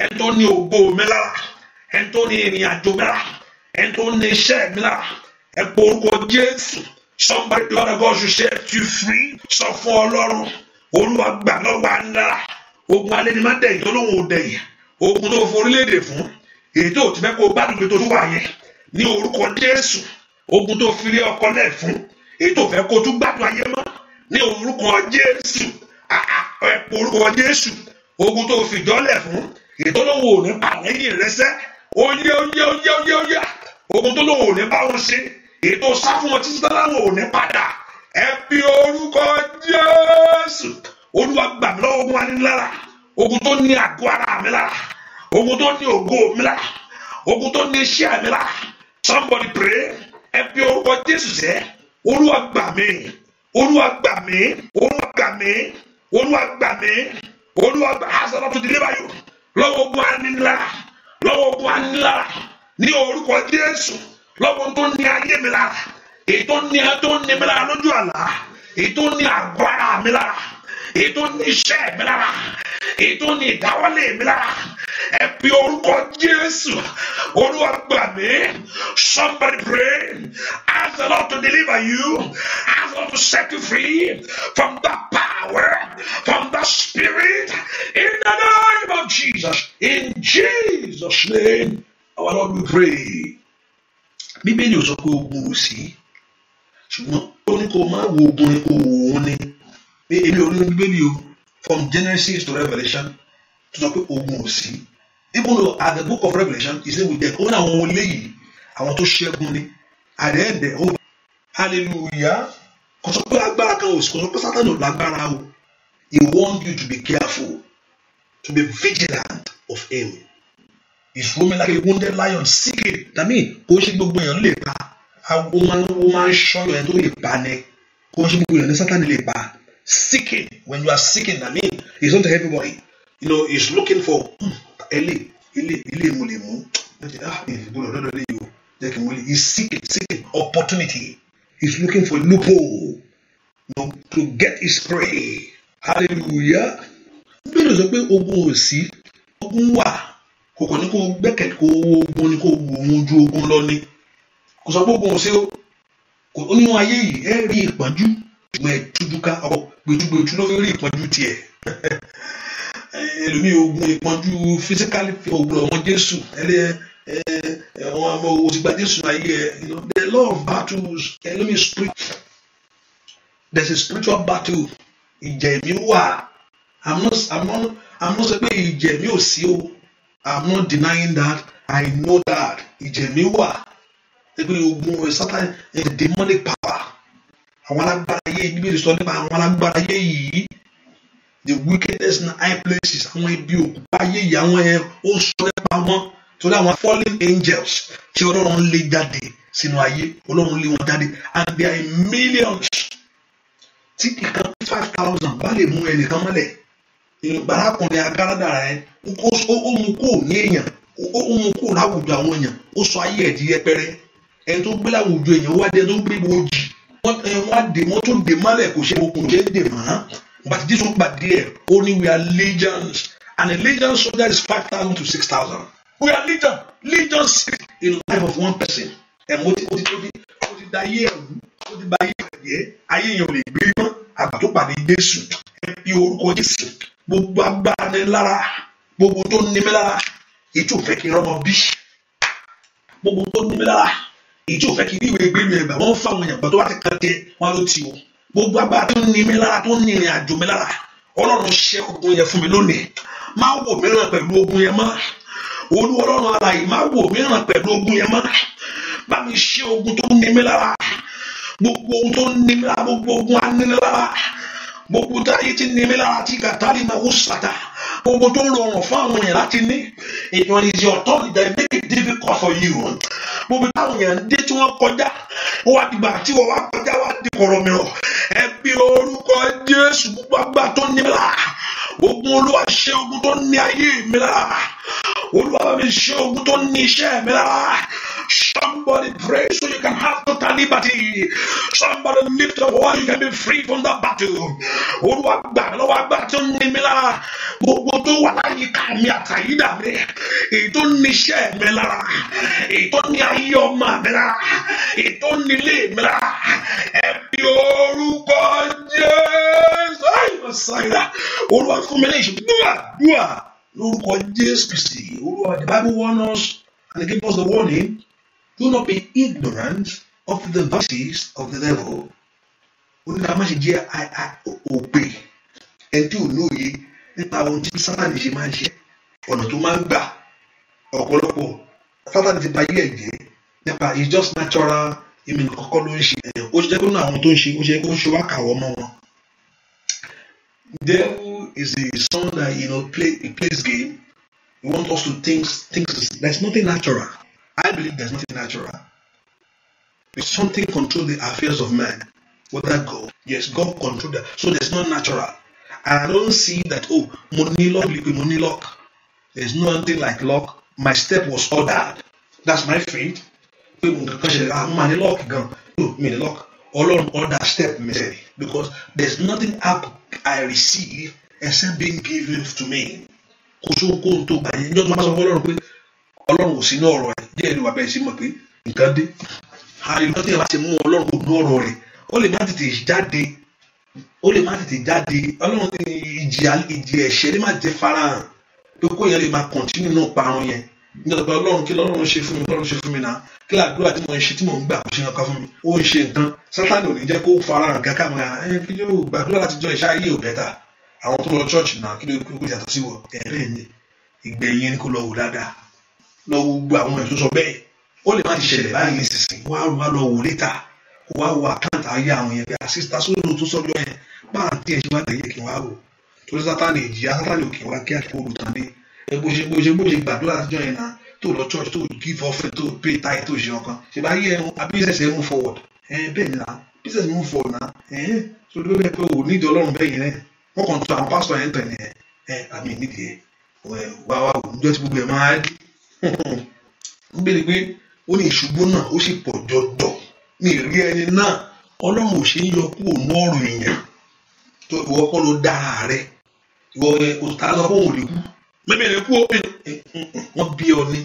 ẹ tó ní ògbó mi lára ẹni tó ní ìrìn àjò mi rà ẹni ní iṣẹ́ mi rà orúkọ Jésù somebody lord god should set free sọ fún Ọlọ́run Olúwa gbà lọ́wọ́ anára ogun alẹ́ ni má dẹ̀yìn tó lóun ò dẹ̀yìn ogun tó forílẹ̀-èdè fún èyí tó ti fẹ́ kó gbádùn mi tó tún wà yẹn ní orúkọ Jésù ogun tó fi lé ọkọ lẹ̀ fún èyí tó fẹ́ kó tún gbádùn ayé mọ́ ní orúkọ Jésù ẹ̀pọ̀ orúkọ Jésù ogun tó fi jọ́lẹ̀ fún èyí lóun ò ní pàlẹ́yìn rẹ ó yá ó yá ó yá ó yá ó yá ogun tó lóun ò ní bá wọn ṣe ètò sá fún wọn títí táwọn ò ní padà ẹ fi orúkọ Jésù Olúwa gbà mí lọ́wọ́ ogun anilára ogun tó ní àgọ́ ara mi lára ogun tó ní ògo mi lára ogun tó ní iṣẹ́ somebody pray ẹ fi orúkọ Jésù sẹ́ Olúwa gbà mí Olúwa gbà mí Olúwa gbà mí Olúwa gbà mí lọ́wọ́ ogun anilára ní orúkọ Jésù lọ́wọ́ tó ní ayé mi lára èyí tó ní ẹ tó ní mi lára lójú àlá èyí tó ní àgọ́ mi lára èyí tó ní iṣẹ́ mi lára èyí tó ní ìdáwọ́lé mi lára ẹ pe orúkọ Jésù Olúwa gbà mí somebody pray ask the Lord to deliver you ask the Lord to set you free from that power from that spirit in the name of Jesus in Jesus name our Lord we pray bíbélì ò sọ pé ogun ò sí ṣùgbọ́n ó ní kó máa wo ogun ni kó wò ó ní èmi ò rí bíbélì o from Genesis to Revelation tó sọ pé ogun ò sí even though at the book of Revelation he say we dey own àwọn eléyìí àwọn tó ṣẹ́gun ni àdéhùn oh, ó hallelujah kò sọ pé agbára kan ò sí kò sọ pé Sátánì ò lágbára o he warned you to be careful to be vigilant of him is roaming like a wounded lion seeking that mean kò ṣe gbogbo èèyàn ló lè pa ó máa ń ṣọ́yọ̀ ẹ̀ tó lè pa ni kò ṣe gbogbo èèyàn ní Sátánì lè pa seeking, when you are seeking, I mean, it's not everybody. You know, he's looking for hmm, Eli, Eli, Eli Mulimu. Ah, eh, he's seeking, seeking opportunity. He's looking for loophole you know, to get his prey. Hallelujah. Bẹ́ẹ̀ni sọ pé ogun ò sí, ogun wà, kò kàn ní kó gbẹ́kẹ̀lé kó owó ogun ní kó wò ó ju ogun lọ ni. Kò sọ pé ogun ò sí o, kò nínú ayé yìí ẹ rí ìpọ́njú ṣùgbọ́n ẹ̀dúdúká ọkọ̀ gbẹdúgbẹdú ló fi rí ìpọ́njú tiẹ̀ ẹlòmíì ogun ìpọ́njú physically ogun ọmọ Jésù ẹlẹ́ ẹ̀wọ̀n ọmọ òsìgbà Jésù ayé ẹ̀ the law of battles ẹlòmíì spirit there is a spiritual battle ìjà ẹ̀mí wà i'm not i'm not i'm not sọ pé ìjà ẹ̀mí ò sí o i'm not denying that i know that ìjà ẹ̀mí wà ẹgbẹ́ ogun ẹ̀ sátán ẹ̀ demonic power àwọn alágbára ayé yìí bíbélì sọ nípa àwọn alágbára ayé yìí the wickedness in high places àwọn ibi òkúta ayé yìí àwọn ẹ ó sọ nípa wọn torí àwọn fallen angels tí ọlọ́run lé jáde sínú ayé ọlọ́run lé wọn jáde and there are millions tí ìkan five thousand bá lè mú ẹnìkan mọ́lẹ̀ ìbárakùnrin agárádà rẹ ó mú kó ní èèyàn ó mú kó láwùjọ àwọn èèyàn ó sọ ayé ẹ̀ di yẹpẹrẹ ẹni tó gbé láwùjọ èèyàn wá dé tó gbé ìwọ wọ́n á dè wọ́n tún dè mọ́lẹ̀ kò ṣe okùn ṣe dè mọ́ but Jésù pàdé ẹ̀ ó ní we are legions and a legion soldier is five thousand to six thousand we are legion legion six in life of one person ẹ̀mú ó ti ó ti ó ti da ayé ẹ̀rú ó ti ba ayé ẹ̀jẹ̀ ayé yẹn ò lè gbé mọ́ àgbà pàdé Jésù ẹ fi orúkọ Jésù gbogbo agbára ní lára gbogbo tó ní mi lára ètò ìfẹ́ kí n rọ́mọ bí gbogbo tó ní mi lára èyí tí ò fẹ́ kí ní ìwé gbé mi ẹgbà wọ́n fà wọn yàgbọ́ tó bá ti kan tiẹ̀ wọ́n ló ti wọ̀ gbogbo agbára tó ní mi lára tó ní ìrìn àjò mi lára ọlọ́run ṣe ogun yẹn fún mi lónìí má wò mìíràn pẹ̀lú ogun yẹn mọ́ olú ọlọ́run alàyè má wò mìíràn pẹ̀lú ogun yẹn mọ́ bá mi ṣe ogun tó ní mi lára gbogbo ogun tó ní mi lára gbogbo ogun á ní mi lára gbogbo táyé ti ní mi lára tí kàtàlì máa wò sàtà gbogbo tó rọrùn fún àwọn èèyàn láti ní ìyọ̀n ìyè ọ̀tọ̀ ìdá make it difficult for you gbogbo táwọn èèyàn dé tí wọ́n kọjá ó wá dìgbà tí wọ́n wá kọjá wá di kọ̀rọ̀ mìíràn ẹbí orúkọ Jésù gbogbo àgbà tó ní mi lára ogun Olúwa ṣe ogun tó ní ayé mi lára Olúwa bá mi ṣe ogun tó ní iṣẹ́ mi Somebody pray so you can have total liberty. Somebody lift your voice, you can be free from the battle. Olúwàgbà lọ́wọ́ agbára tó ń ní mi lára. Gbogbo tó wà láyìíká mi àtàyídà mi. Ètò níṣẹ́ mi lára. Ètò ní ayé ọmọ mi lára. Ètò nílé mi lára. Ẹbí orúkọ Jésù. Olúwa fún mi ní ìṣe dúà dúà lórúkọ Jésù Kristi. Olúwa the Bible warn us and give us the warning. Do not be ignorant of the verses of the devil ó ní ká má ṣe jẹ́ òpè ẹni tí ò lóye nípa ohun tí sátani ṣe máa ń ṣe ọ̀nà tó máa ń gbà ọ̀pọ̀lọpọ̀ sátani ti ba ayé ẹ̀ jẹ́ nípa it's just natural èmi nìkan kọ́ ló ń ṣe ó ṣe kó náà àwọn tó ń ṣe ó ṣe kó ń ṣe wá kàwọ́ mọ́ wọn. devil is a son that you know play plays game he want us to think think there's nothing natural I believe there's nothing natural. It's something control the affairs of man. Whether God, yes, God control that. So there's no natural. And I don't see that, oh, money lock, money lock. There's nothing like luck. My step was ordered. That's my faith. Money lock, gun. No, money lock. All on that step, because there's nothing up I receive except being given to me ọlọ́run ò sí ní ọ̀rọ̀ rẹ̀ díẹ̀ ni bàbá ẹ̀ ṣe mọ̀ pé nǹkan dé hallelujah tí ẹ bá ṣe mú ọlọ́run ò ní ọ̀rọ̀ rẹ̀ ó lè má tètè jáde ó lè má tètè jáde ọlọ́run ìjì ẹ̀ṣẹ̀ lè má tètè farahàn pé kó yẹn lè máa kọ̀ntínú náà parun yẹn nígbà pé ọlọ́run kí lọ́run ṣe fún mi lọ́run ṣe fún mi náà kí làdúrà tí mo ń ṣe tí mo ń gbà kó ṣe nǹkan fún mi ó ń ṣe nǹkan sátani ò ní jẹ́ kó farahàn kankan mọ́ra ẹ kí ló gbàdúrà láti jọ ìṣá ayé ò bẹ́tà àwọn tó lọ ṣọ́ọ̀ṣì náà kí ló kó yàtọ̀ sí wọ ẹ̀rẹ́ ni ìgbẹ̀yìn ni kó lọ wò dáadáa lọ gbogbo àwọn èèyàn tó sọ bẹ́ẹ̀ ó lè má ti ṣẹlẹ̀ báyìí nísinsìnyí wá wá lọ wò létà wá wo àkáǹtì ayé àwọn èèyàn pé àsìsítà ah, sóòlù tó sọ́jọ́ yẹn bá à ń tiẹ̀ ṣe wá lẹ́yìn kí wá rò torí sátánì ìjìyà sátánì òkè wá kí àti olùtàn ní ẹ bó ṣe bó ṣe bó ṣe gbàdúrà àtijọ́ yẹn náà tó lọ church tó give offering tó pay tithe tó ṣe ọkàn ṣe bá yẹ ẹ̀hún àbí business ẹ̀ move forward ẹ̀ bẹ́ẹ̀ ni náà business move forward náà ẹ̀ tó ló bẹ́ẹ̀ pé òun nídìí ọlọ́run bẹ́ẹ̀ yẹn wọ́n kàn tó àwọn pásítọ̀ yẹn tẹ̀ ní ẹ̀ àmì nídìí ẹ̀ wá wá òun jọ́ ti gbogbo ẹ̀ máa bíbélì pé ó ní ìṣubú náà ó sì pọ̀ jọjọ ní ìrí ẹni náà ọlọ́run ò ṣe ń yọ kúrò ní èèyàn tó ìwọ kọ́ ló dára rẹ ìwọ òtá lọ fún òun kú mẹ́mí lè kú òun wọ́n bí ọ ní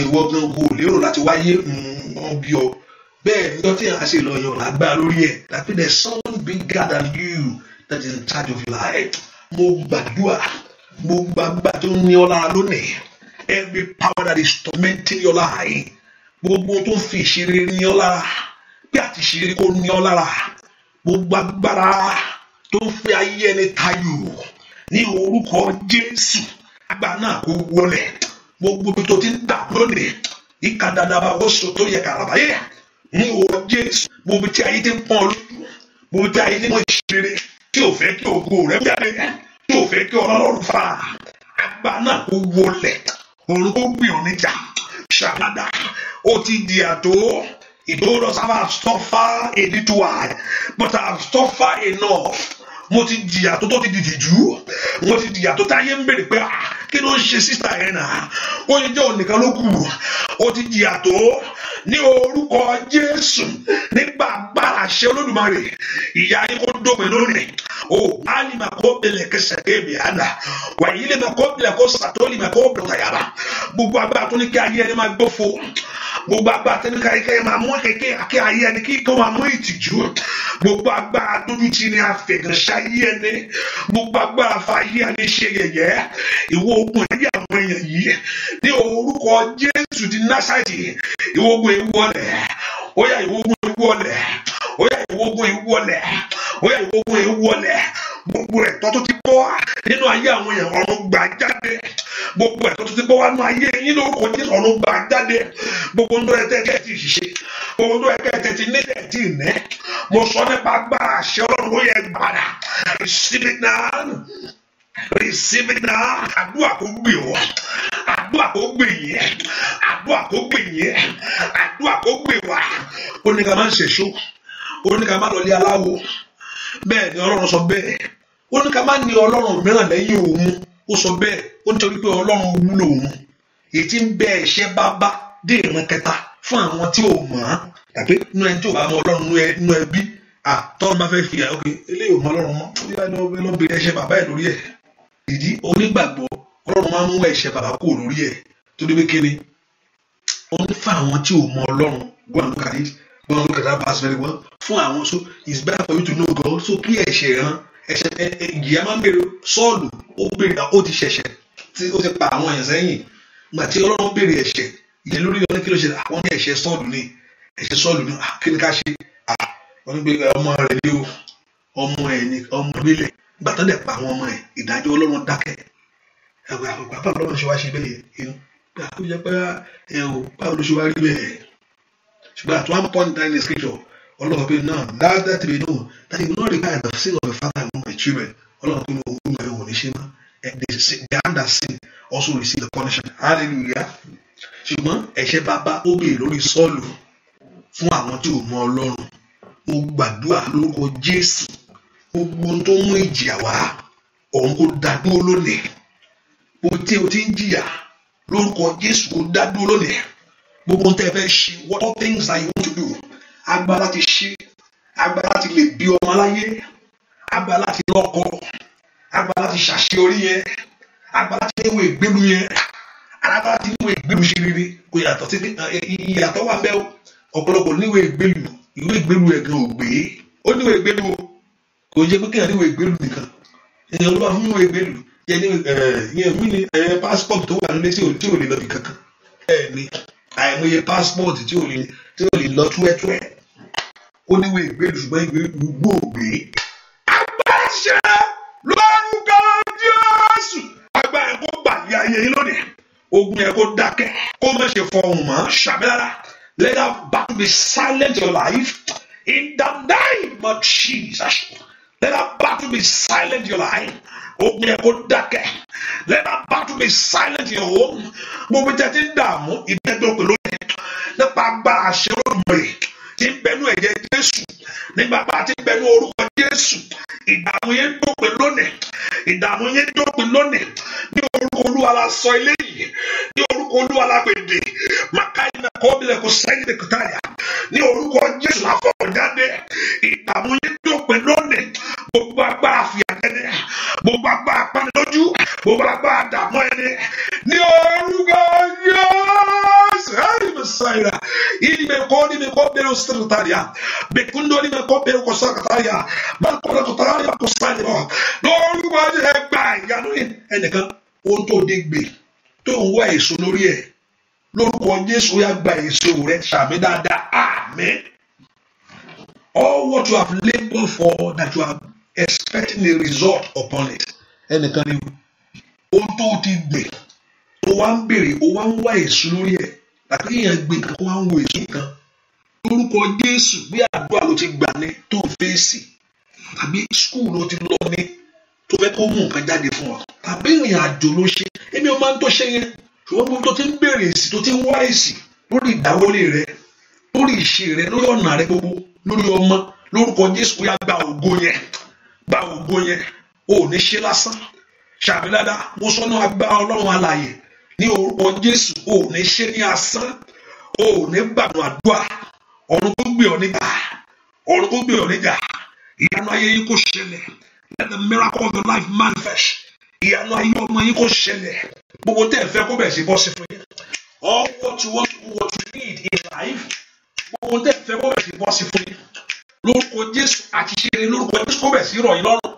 ìwọ gan kò lérò láti wáyé wọ́n bí ọ bẹ́ẹ̀ ní ọtí yẹn àṣẹ ìlọyìn ọ̀la gbá lórí ẹ̀ that means there's someone bigger than you that is in charge of life mo gbàdúrà mo gbàgbà tó ń ní ọ lára lónìí every power that is tormenting your life gbogbo tó fi ìṣeré ní ọ lára bí àti ìṣeré kò ní ọ lára gbogbo agbára tó fi ayé ẹni tayò ní orúkọ Jésù àgbà náà kò wọlé gbogbo ibi tó ti ń dà lónìí ìkàdàdàbà wọ́sọ tó yẹ kàràbà yẹ ní orúkọ Jésù gbogbo tí ayé ti ń pọ́n lójú gbogbo tí ayé ti ń pọ́n ìṣeré tí ò fẹ́ kí ògo rẹ̀ jáde tí ò fẹ́ kí ọlọ́run fara àgbà náà kò wọlé orúkọ gbìn ọ́ níjà ṣàdàdà ó ti di àtó ìdóró sábà sọ́fà èdè tó wà but I have suffered enough mo ti jìyà tó tó ti dìdì jù mo ti jìyà tó táyé ń bèrè pé ah, kí ló ń ṣe sísá yẹn náà ó yẹ jẹ́ òun ló kù o ti jìyà tó ní orúkọ Jésù nígbà agbára àṣẹ Olódùmarè ìyà yín kó dómi lónìí o báyìí mà kó bẹ̀lẹ̀ kẹsẹ̀ kéèmì àná wàyí lè mà kó bẹ̀lẹ̀ kó sàtólì mà kó bẹ̀lẹ̀ yàrá gbogbo agbára tó ní kí ayé ẹni máa gbófo gbogbo agbára tó ní kí ayé máa mú kéke kí ayé ẹni kí kó máa mú ìtìjú gbogbo agbára dúdú tí ni àfẹ̀gànṣá yé ẹni gbogbo agbára fa yé ẹni ṣe yẹ̀yẹ́ ìwọ ogun ayé àwọn èèyàn yìí ní orúkọ Jésù ti Násárẹ́tì ìwọ ogun yìí wọlẹ̀ ó yá ìwọ ogun yìí wọlẹ̀ ó yá ìwọ ogun yìí wọlẹ̀ ó yá ìwọ ogun yìí wọlẹ̀ gbogbo rẹ̀ tọ́tún ti bọ́ wá nínú ayé àwọn èèyàn ọ̀run gbà jáde gbogbo rẹ̀ tọ́tún ti bọ́ wá nínú ayé yín lórúkọ Jésù ọ̀run gbà jáde gbogbo ńlọ ẹ̀tẹ́ tẹ́ ti ṣe gbogbo ńlọ ẹ̀tẹ́ tẹ́ ti nílẹ̀ tí ì nẹ́ mo sọ nípa agbára àṣẹ ọlọ́run ó yẹ gbàrà receive it receive it now àdúrà kò gbè wọ́ àdúrà kò gbè yẹn àdúrà kò gbè yẹn àdúrà kò gbè wá ó ní ká má ṣèṣó ó ní ká má lọ lé aláwo bẹ́ẹ̀ ni ọlọ́run sọ bẹ́ẹ̀ ó ní ká má ní ọlọ́run mìíràn lẹ́yìn òun o sọ bẹ́ẹ̀ ó ní torí pé ọlọ́run wúlò òun èyí tí ń bẹ ẹ̀ṣẹ̀ bàbá dé ìran kẹta fún àwọn tí ò mọ̀ ọ́n tàbí nú ẹni tí ò bá mọ ọlọ́run nú ẹbí àtọ́run bá fẹ́ fi àyọkè eléyìí ò mọ ọlọ́run mọ́ ó ni ọbẹ̀ lọ́bẹ̀rẹ̀ ẹ̀ṣẹ̀ bàbá ẹ̀ lórí ẹ̀ ìdí onígbàgbọ́ ọlọ́run máa ń mú ẹ̀ṣẹ̀ bàbá kúrò lórí ẹ̀ torí pé kíni ó ń fa àwọn tí ò mọ ọlọ́run go and look at it go and look at that verse very well fún àwọn so it's bad for you to know God so kí ẹ̀ṣẹ̀ ran ẹ̀ṣẹ̀ ìyá máa ń bèrè sọ́ọ̀lù ó bèrè ó ti ṣẹ̀ṣẹ̀ tí ó ti pa àwọn èèyàn sẹ́yìn gbà tí ọlọ́run bèrè ẹ̀ṣẹ̀ ìyẹn lórí ọdún kí ló ṣe àwọn ní ẹ̀ṣẹ̀ sọ́ọ̀lù ni ẹ̀ṣẹ̀ sọ́ọ̀lù ni ah, kí ni ká ṣe ah, wọ́n gbé ọmọ rẹ̀ lé o ọmọ ẹ̀ ní ọmọ nílẹ̀ gbàtọ́ dẹ̀ pa àwọn ọmọ ẹ̀ ìdájọ́ ọlọ́run dákẹ́ àgbà àgbà báwo lọ́run ṣe wá ṣe bẹ́ẹ̀ gbà tó jẹ́ pé ẹ ò báwo ló ṣe wá rí bẹ́ẹ̀ ṣùgbọ́n at one point in the scripture ọlọ́run pé náà that that be known that you no require the sin of a father among my children ọlọ́run pé mo ń gbà ẹ̀wọ̀n ní ṣe mọ́ and the hand that sin also receive the punishment hallelujah ṣùgbọ́n ẹ̀ṣẹ̀ bàbá ó bèèrè lórí sọ́ọ̀lù fún àwọn tí ò mọ ọlọ́run mo gbàdúrà lórúkọ jésù gbogbo ohun tó mú ìjìyà wá òun kò dá dúró lónìí bó tí o ti ń jìyà lórúkọ Jésù kò dá dúró lónìí gbogbo ohun tẹ́ ẹ fẹ́ ṣe what all things that you want to do agbára láti ṣe agbára láti lè bí ọmọ láyé agbára láti lọ́kọ agbára láti ṣàṣeyọrí yẹn agbára láti níwò ìgbélu yẹn agbára láti níwò ìgbélu ṣe rere kò yàtọ̀ sí ìyàtọ̀ wà bẹ́ẹ̀ ọ̀pọ̀lọpọ̀ níwò ìgbélu ìwé ìgbélu ẹ̀gàn ògbé ó níwò ìgbélu o kò ń ṣe pé kéèyàn níwèé ìgbélú nìkan èèyàn ló bá fún níwèé ìgbélú yẹn ní yẹn mí ni passport tó wà nílé tí ò lè lọ bì kankan ẹ ní àìmọye passport tí ò tí ò lọ túẹ́túẹ́ ó níwèé ìgbélú ṣùgbọ́n ìgbélú gbòògbé agbára lórúkọ Jésù agbára kó gbàgbé ayé yín lónìí ogun yẹn kó dákẹ́ kó má ṣe fọhùn mọ́ ṣàbẹ́lára let that battle be silent your life in the name of Jesus. Let that battle be silent in your life. Open your kó dákẹ́. Let that battle be silent in your home. Gbogbo ìtẹ̀tí ń dààmú ìbẹ́gbẹ́ òpè lóye. Nípa agbára àṣẹ olóògbé tí ń bẹnu ẹ̀jẹ̀ Jésù nígbà bá ti ń bẹnu orúkọ Jésù ìdààmú yẹn ń dópin lónìí ìdààmú yẹn ń dópin lónìí ní orúkọ Olúwa la sọ eléyìí ní orúkọ Olúwa la pèdè màkàyí náà kọ́ bílẹ̀ kò sẹ́yìn lè kúta yà ní orúkọ Jésù la fọ̀rọ̀ jáde ìdààmú yẹn ń dópin lónìí gbogbo agbára fìyà ẹni gbogbo agbára panilójú gbogbo agbára dààmú ẹni ní orúkọ Jésù ẹni mi sọ ìlà ìdí mi kọ́ ìdí mi kọ́ bẹ́ẹ̀ kutaria bekundori na kope kosa kutaria bakora kutaria kosani mo lórúkọ ẹgbà ìyanu ẹnìkan ohun tó di gbè tó ń wá èso lórí ẹ lórúkọ Jésù ya gba èso rẹ sàmì dáadáa àmín all what you have labour for that you are expecting a result upon it ẹnìkan ni ohun tó ti gbè tó wá ń béèrè ó wá ń wá èso lórí ẹ tàbí èèyàn gbè kan kó wá ń wo èso kan lórúkọ Jésù bí àdúrà ló ti gbà ní tó fèsì tàbí skul ló ti lọ ní tó fẹ́ kó mú nǹkan jáde fún ọ tàbí ìrìn àjò ló ṣe èmi ò máa ń tó ṣe yẹn ṣùgbọ́n gbogbo tó ti ń béèrè èsì tó ti ń wá èsì lórí ìdáwọ́lé rẹ lórí ìṣe rẹ lórí ọ̀nà rẹ gbogbo lórí ọmọ lórúkọ Jésù kó yá gba ògo yẹn gba ògo yẹn ò ní ṣe lásán ṣàmì mo sọ náà Ọlọ́run alààyè ní orúkọ Jésù ò ní ṣe ní asán ò ní gbàdúrà ọ̀run tó gbé ọ níjà ọ̀run tó gbé ọ níjà ìyanu ayé yín kò ṣẹlẹ̀ let the miracle of your life manifest ìyanu ayé ọmọ yín kò ṣẹlẹ̀ gbogbo tẹ́ ẹ fẹ́ kó bẹ̀rẹ̀ sí bọ́ sí fún yín all what you want what you need in life gbogbo tẹ́ ẹ fẹ́ kó bẹ̀rẹ̀ sí bọ́ sí fún yín lórúkọ Jésù àti ṣeré lórúkọ Jésù kó bẹ̀rẹ̀ sí rọ̀ yín lọ́rùn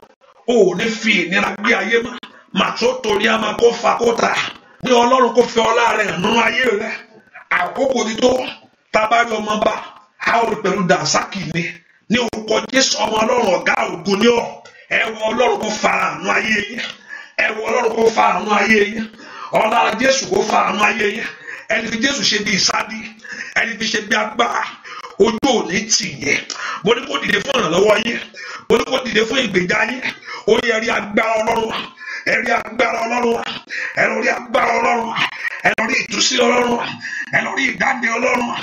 o ò ní fi ìnira gbé ayé mọ́ màtó torí àmà kó fa kó ta ní Ọlọ́run kó fẹ́ ọlá rẹ̀ nínú ayé rẹ̀ àkókò ti tó tábàrí ọmọ bá a ó rí pẹ̀lú dànsákì ni ní orúkọ Jésù ọmọ Ọlọ́run ọ̀gá ògo ni ọ́ ẹ wọ Ọlọ́run kó fa àánú ayé yín ẹ wọ Ọlọ́run kó fa àánú ayé yín ọlá Jésù kó fa àánú ayé yín ẹni fi Jésù ṣe bí ìsádi ẹni fi ṣe bí agbára ojú òní tì yẹn mo ní kó dìde fún ìrànlọ́wọ́ yín mo ní kó dìde fún ìgbèjà yín ó yẹ rí agbára Ọlọ́run ẹ̀rí agbára ọlọ́run wa ẹ̀rí agbára ọlọ́run wa ẹ̀rí ìtúsí ọlọ́run wa ẹ̀rí ìdáǹdè ọlọ́run wa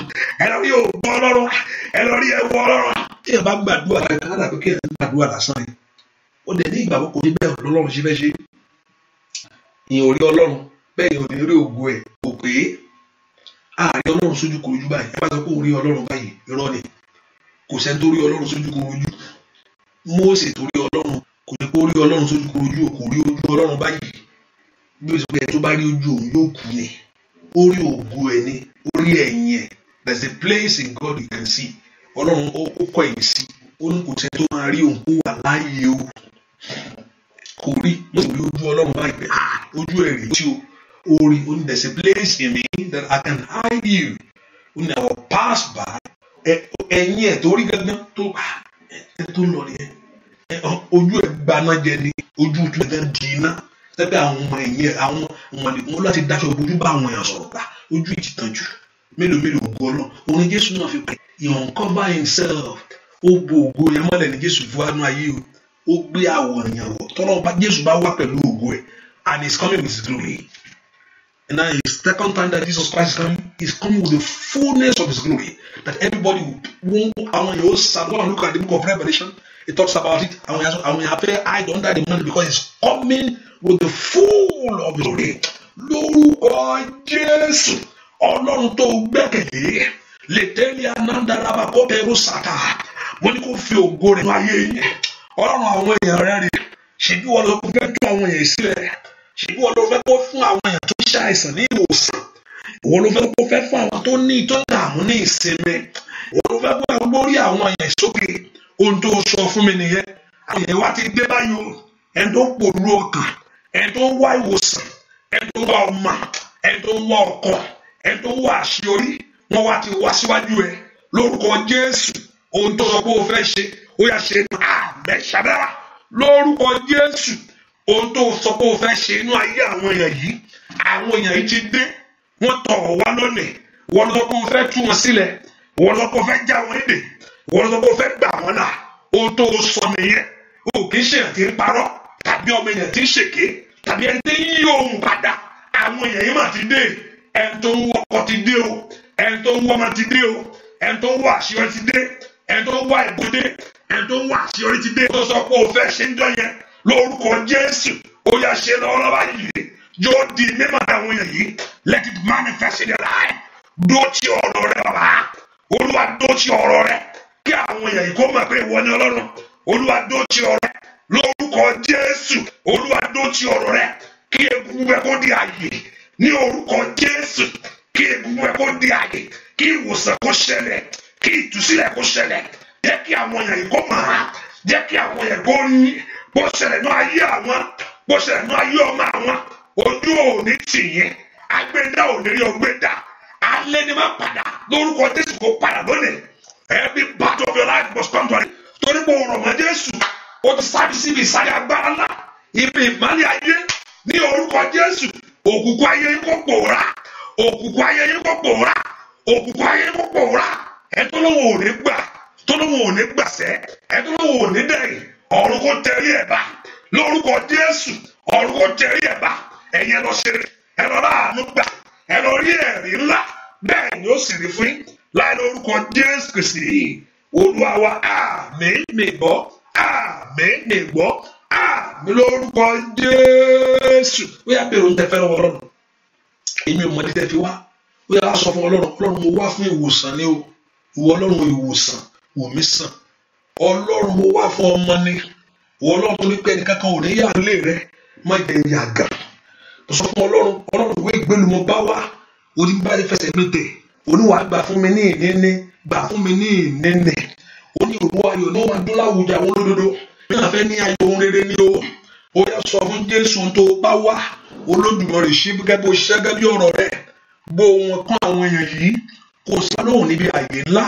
ẹ̀rí ògbọ́ ọlọ́run wa ẹ̀rí ẹ̀wọ̀ ọlọ́run wa. tí ẹ bá gbàdúrà rẹ ká dàbí kí ẹ gbàdúrà lásán yìí ó dẹ̀ ní ìgbàgbọ́ kò ní bẹ́ẹ̀ ọlọ́run ṣe fẹ́ ṣe ìyẹn orí ọlọ́run bẹ́ẹ̀ ìyẹn orí ògo ẹ̀ kò pé ààrẹ ọlọ́run sójú korojú báyìí ẹ bá sọ pé orí ni kò sẹ́ni tó rí ọlọ́run sójú korojú Mósè tó ọlọ́run kò ní kó rí ọlọ́run sójú kó ojú òkò rí ojú ọlọ́run báyìí bí o sọ pé ẹ tó bá rí ojú òun yóò kú ni ó rí ògo ẹ ní ó rí ẹ̀yìn ẹ̀ there is a place in God you can see ọlọ́run ó kọ èyí sí ó ní kò sẹ́ tó máa rí òun kó wà láàyè o kò rí mo sì rí ojú ọlọ́run báyìí pé ah ojú ẹ̀ rèé tí o ó rí ó ní there is a place in me that I can hide you ó ní I will pass by ẹ̀yìn ẹ̀ tó rí gangan tó ah, ẹ̀ tó lọ nìyẹn ojú ẹ̀ gbaná jẹ ni ojú tó ẹ̀ gan di iná àwọn ọmọ ẹ̀yìn àwọn ọmọdé wọn láti dáṣọ ojú bá àwọn èèyàn sọ̀rọ̀ gbà ojú ìtìtànjú mélòó mélòó ògo ọlọ́ orin jésù náà fi pè he uncover himself ó bo ògo yẹn mọ́lẹ̀ ní jésù fún wánú ayé o ó gbé àwọ̀ èèyàn wọ̀ tọ́lọ́ bá jésù bá wá pẹ̀lú ògo ẹ̀ and he is coming with his glory And now the second time that Jesus Christ is coming, is coming with the fullness of his glory. That everybody will àwọn yóò sá go and look at the book of Revelation. It talks about it. And we have yàtọ̀ fẹ́ hide under the mountain because he's coming with the full of his glory. Lórúkọ Jésù, Ọlọ́run tó gbẹ́kẹ̀lé, lè tẹ́lẹ̀ anandaraba kó bẹ̀rù sàtà. Mo ní kó fi ògo rẹ̀ nínú ayé yẹn. Ọlọ́run àwọn èèyàn rẹ̀ rè. Ṣèbí wọn lọ fẹ́ tún àwọn èèyàn sílẹ̀ ṣèbí wọn ló fẹ́ kó fún àwọn èèyàn tó ń ṣàìsàn ní ìwòsàn wọn ló fẹ́ kó fẹ́ fún àwọn tó ní tó dààmú ní ìsinmi wọn ló fẹ́ kó àwọn lórí àwọn èèyàn sókè ohun tó sọ fún mi nìyẹn àwọn èèyàn wa ti dé báyìí o ẹni tó ń pòlú ọkàn ẹni tó ń wá ìwòsàn ẹni tó ń wá ọmọ ẹni tó ń wá ọkọ ẹni tó ń wá àṣeyọrí wọn wá ti wá síwájú ẹ lórúkọ Jésù ohun tó sọ pé o fẹ́ ṣe ó yà ṣe àmẹ́ṣàdá lórúkọ Jésù ohun tó sọ pé o fẹ́ ṣe inú ayé àwọn èèyàn yìí àwọn èèyàn yìí ti dé wọ́n tọ̀ ọ́ wá lónìí wọ́n lọ kó fẹ́ tú wọn sílẹ̀ wọ́n lọ kó fẹ́ já wọn dè wọ́n lọ kó fẹ́ gbà wọn là ohun tó sọ nìyẹn o kì í ṣe èèyàn tí ń parọ́ tàbí ọmọ èèyàn tí ń ṣèké tàbí ẹni tí ń yí ohun padà àwọn èèyàn yìí mà ti dé ẹni tó ń wọ ọkọ ti dé o ẹni tó ń wọ ọmọ ti dé o ẹni tó ń wọ àṣeyọrí ti dé ẹni tó ń wọ ìbòdé ẹni tó ń wọ àṣeyọrí ti dé. ó sọ pé o fẹ́ ṣe ń jọ yẹn lórúkọ Jésù ó yà ṣe lọ́wọ́lọ́wọ́ yìí yóò di mímọ̀ àwọn èèyàn yìí let it manifest in your life dóòtì ọ̀rọ̀ rẹ bàbá olúwa dóòtì ọ̀rọ̀ rẹ kí àwọn èèyàn yìí kó mọ̀ pé ìwọ ni ọlọ́run olúwa dóòtì ọ̀rọ̀ rẹ lórúkọ Jésù olúwa dóòtì ọ̀rọ̀ rẹ kí egungun bẹ kó di àyè ní orúkọ Jésù kí egungun bẹ kó di àyè kí ìwòsàn kó ṣẹlẹ̀ kí ìtúsílẹ̀ kó ṣẹlẹ̀ jẹ́ kí àwọn èèyàn yìí kó mọ̀ jẹ́ kí àwọn èèyàn kó ní bó ṣẹlẹ̀ nú ayé àwọn bó ṣẹlẹ̀ ọmọ àwọn ojú òní tìyín agbẹ́dá òní rí ọgbẹ́dá alẹ́ ni padà lórúkọ Jésù kò padà lónìí part of your life must come to torí pé agbára ńlá ibi ìmọ̀lẹ̀ ayé ní orúkọ Jésù òkùnkùn ayé yín kò pòórá ayé yín kò pòórá ayé yín kò ẹ tó lóun ò ẹ tó lóun ò ọ̀run kò tẹ̀rí ẹ̀ bá lórúkọ Jésù ọ̀run kò tẹ̀rí ẹ̀ bá ẹ̀yẹ lọ ṣe ẹ lọ láàánú gbà ẹ lọ rí ẹ̀rí ńlá bẹ́ẹ̀ ni ó sì rí fún láì lórúkọ Jésù Kristi Olúwa wa àmín mi gbọ́ àmín mi gbọ́ àmín lórúkọ Jésù ó yà bẹ̀rù ń tẹ́fẹ́ lọ́wọ́ Ọlọ́run èmi ò mọ̀ dídẹ́ fi wá ó yà sọ fún Ọlọ́run Ọlọ́run mo wá fún ìwòsàn ni o ìwọ Ọlọ́run ìwòsàn wò mí sàn ọlọ́run mo wá fún ọmọ ni wọ́n lọ́run tó ní pé ẹnì kankan ò ní yà lé rẹ má jẹ yàgà mo sọ fún ọlọ́run ọlọ́run ìwé ìgbélu mo bá wá orí bá lè fẹsẹ̀ mi tẹ̀ oníwà gbà fún mi ní ìníní gbà fún mi ní ìníní oní òru ayọ̀ ní wọn dún láwùjọ àwọn olódodo bí wọn fẹ́ ní ayọ̀ ohun rere ní o ó yá sọ fún jésù tó bá wá olódùmarè ṣí gẹ́gẹ́ bó ṣiṣẹ́ gẹ́gẹ́ bí ọ̀rọ̀ rẹ̀ bó wọn kún àwọn èèyàn yìí kò sálóhùn níbi àyè ńlá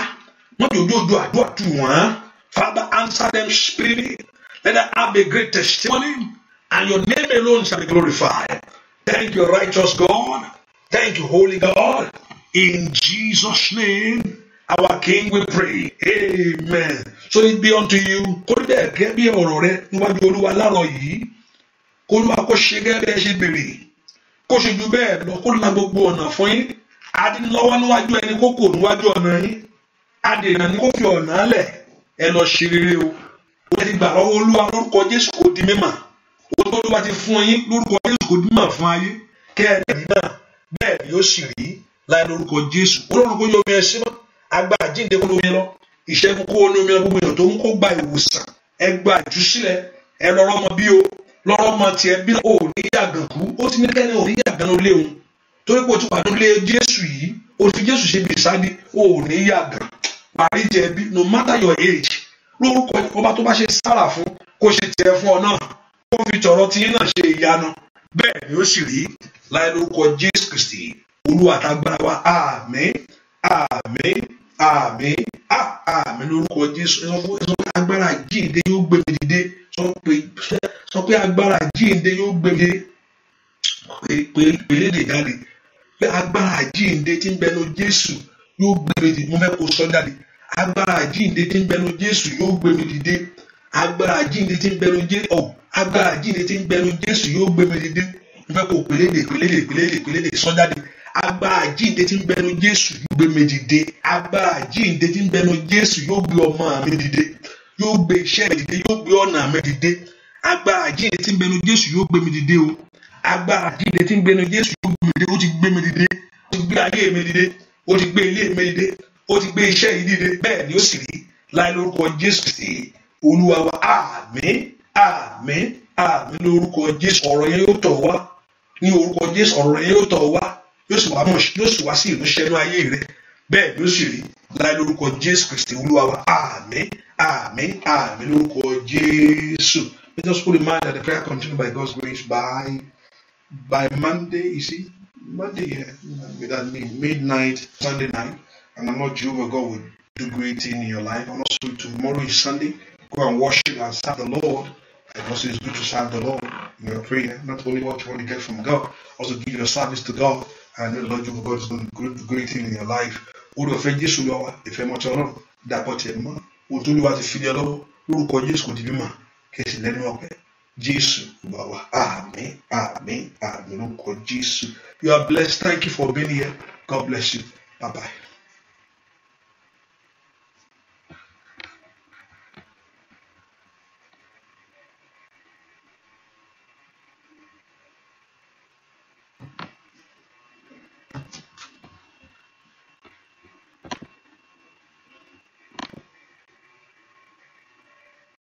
wọn jòjó ojú àdúrà tù wọn. Father, answer them, Spirit. Let them have a great testimony, and your name alone shall be glorified. Thank you, righteous God. Thank you, holy God. In Jesus' name, our King, we pray. Amen. So it be unto you. Kó bẹ́ẹ̀ gẹ́ bí ọ̀rọ̀ rẹ níwájú Olúwa láàárọ̀ yìí. Kó kó ṣe gẹ́gẹ́ bẹ́ẹ̀ ṣe béèrè. Kó ṣe ju bẹ́ẹ̀ lọ kó la gbogbo ọ̀nà fún yín. Adínlọ́wọ́ níwájú ẹni kó níwájú ọ̀nà yín. Adènà ni kó fi ọ̀nà lẹ̀ ẹ lọ ṣe rere o ó ti gbà lọ́wọ́ olúwa lórúkọ jésù kò di mímọ̀ ó tó olúwa ti fún yín lórúkọ jésù kò di mímọ̀ fún ayé kẹ́ ẹ lẹ́yìn náà bẹ́ẹ̀ yóò sì rí láì lórúkọ jésù ó lórúkọ yóò mi ẹ sí mọ́ agbára jíǹde kó lómi lọ ìṣẹ́gun kó lómi lọ gbogbo èèyàn tó ń kó gba ìwòsàn ẹ gba ìtúsílẹ̀ ẹ lọ́rọ́ mọ bí o lọ́rọ́ mọ tiẹ̀ bí o ò ní yàgàn kú ó ti ní kẹ́ni ò ní yàgàn ló léwu torí pé o ti pàdé lé jésù yìí o ti jésù ṣe bìsáde o ò ní yàgàn parí ẹbí no matter your age lórúkọ ọba tó bá ṣe sára fún kó ṣe tiẹ̀ fún ọ náà kó fi tọ̀rọ̀ tí náà ṣe ìyanu bẹ́ẹ̀ ni ó sì rí láì lórúkọ Jésù Kristi Olúwa àtàgbára wa àmín àmín àmín àmín lórúkọ Jésù ẹ sọ fún agbára jíǹde yóò gbé mi dìde sọ pé agbára jíǹde yóò gbé mi dìde pèlè lè jáde pé agbára jíǹde tí ń bẹ lọ Jésù yóò gbé mi dìde mo fẹ́ kó sọ jáde agbára àjíǹde tí ń bẹnu Jésù yóò gbé mi dìde agbára àjíǹde tí ń bẹnu Jésù ọ̀ oh, agbára àjíǹde tí ń bẹnu Jésù yóò gbé mi dìde mo fẹ́ kó pélédè pélédè pélédè pélédè sọ́jáde agbára àjíǹde tí ń bẹnu Jésù yóò gbé mi dìde agbára àjíǹde tí ń bẹnu Jésù yóò gbé ọmọ mi dìde yóò gbé iṣẹ́ mi dìde yóò gbé ọ̀nà mi dìde agbára àjíǹde tí ń bẹnu Jésù yóò gbé mi dìde o agbára àjíǹde tí ń bẹnu Jésù yóò gbé mi dìde ó ti gbé mi dìde ó ti gbé ayé mi dìde ó ti gbé ilé mi dìde ó ti gbé iṣẹ́ yìí dìde bẹ́ẹ̀ ni ó sì rí láì lórúkọ Jésù sí olúwa wa àmín àmín àmín lórúkọ Jésù ọ̀rọ̀ yẹn yóò tọ̀ wá ní orúkọ Jésù ọ̀rọ̀ yẹn yóò tọ̀ wá yóò sì wá mọ̀ yóò sì wá sí ìmúṣẹ́nú ayé rẹ bẹ́ẹ̀ ni ó sì rí láì lórúkọ Jésù Kristi olúwa wa àmín àmín lórúkọ Jésù. Let us put in mind that the prayer continued by God's grace by by Monday, you see, Monday, yeah, with that midnight, Sunday night. And I know Jehovah God will do great thing in your life. And also tomorrow is Sunday. Go and worship and serve the Lord. And also it's good to serve the Lord in your prayer. Not only what you want to get from God, also give your service to God. And the Lord Jehovah God is going to do great thing in your life. Olùfẹ́ Jésù lọ́wọ́ ìfẹ́ mọ́tò ọlọ́run dàpọ̀ tiẹ̀ ti fi lé lọ́wọ́ lórúkọ di mímọ̀ kẹsì lẹ́nu ọ̀pẹ. Jésù bá wa àmín àmín àmín lórúkọ Jésù. You are blessed. Thank you for being here. God bless you. Bye bye.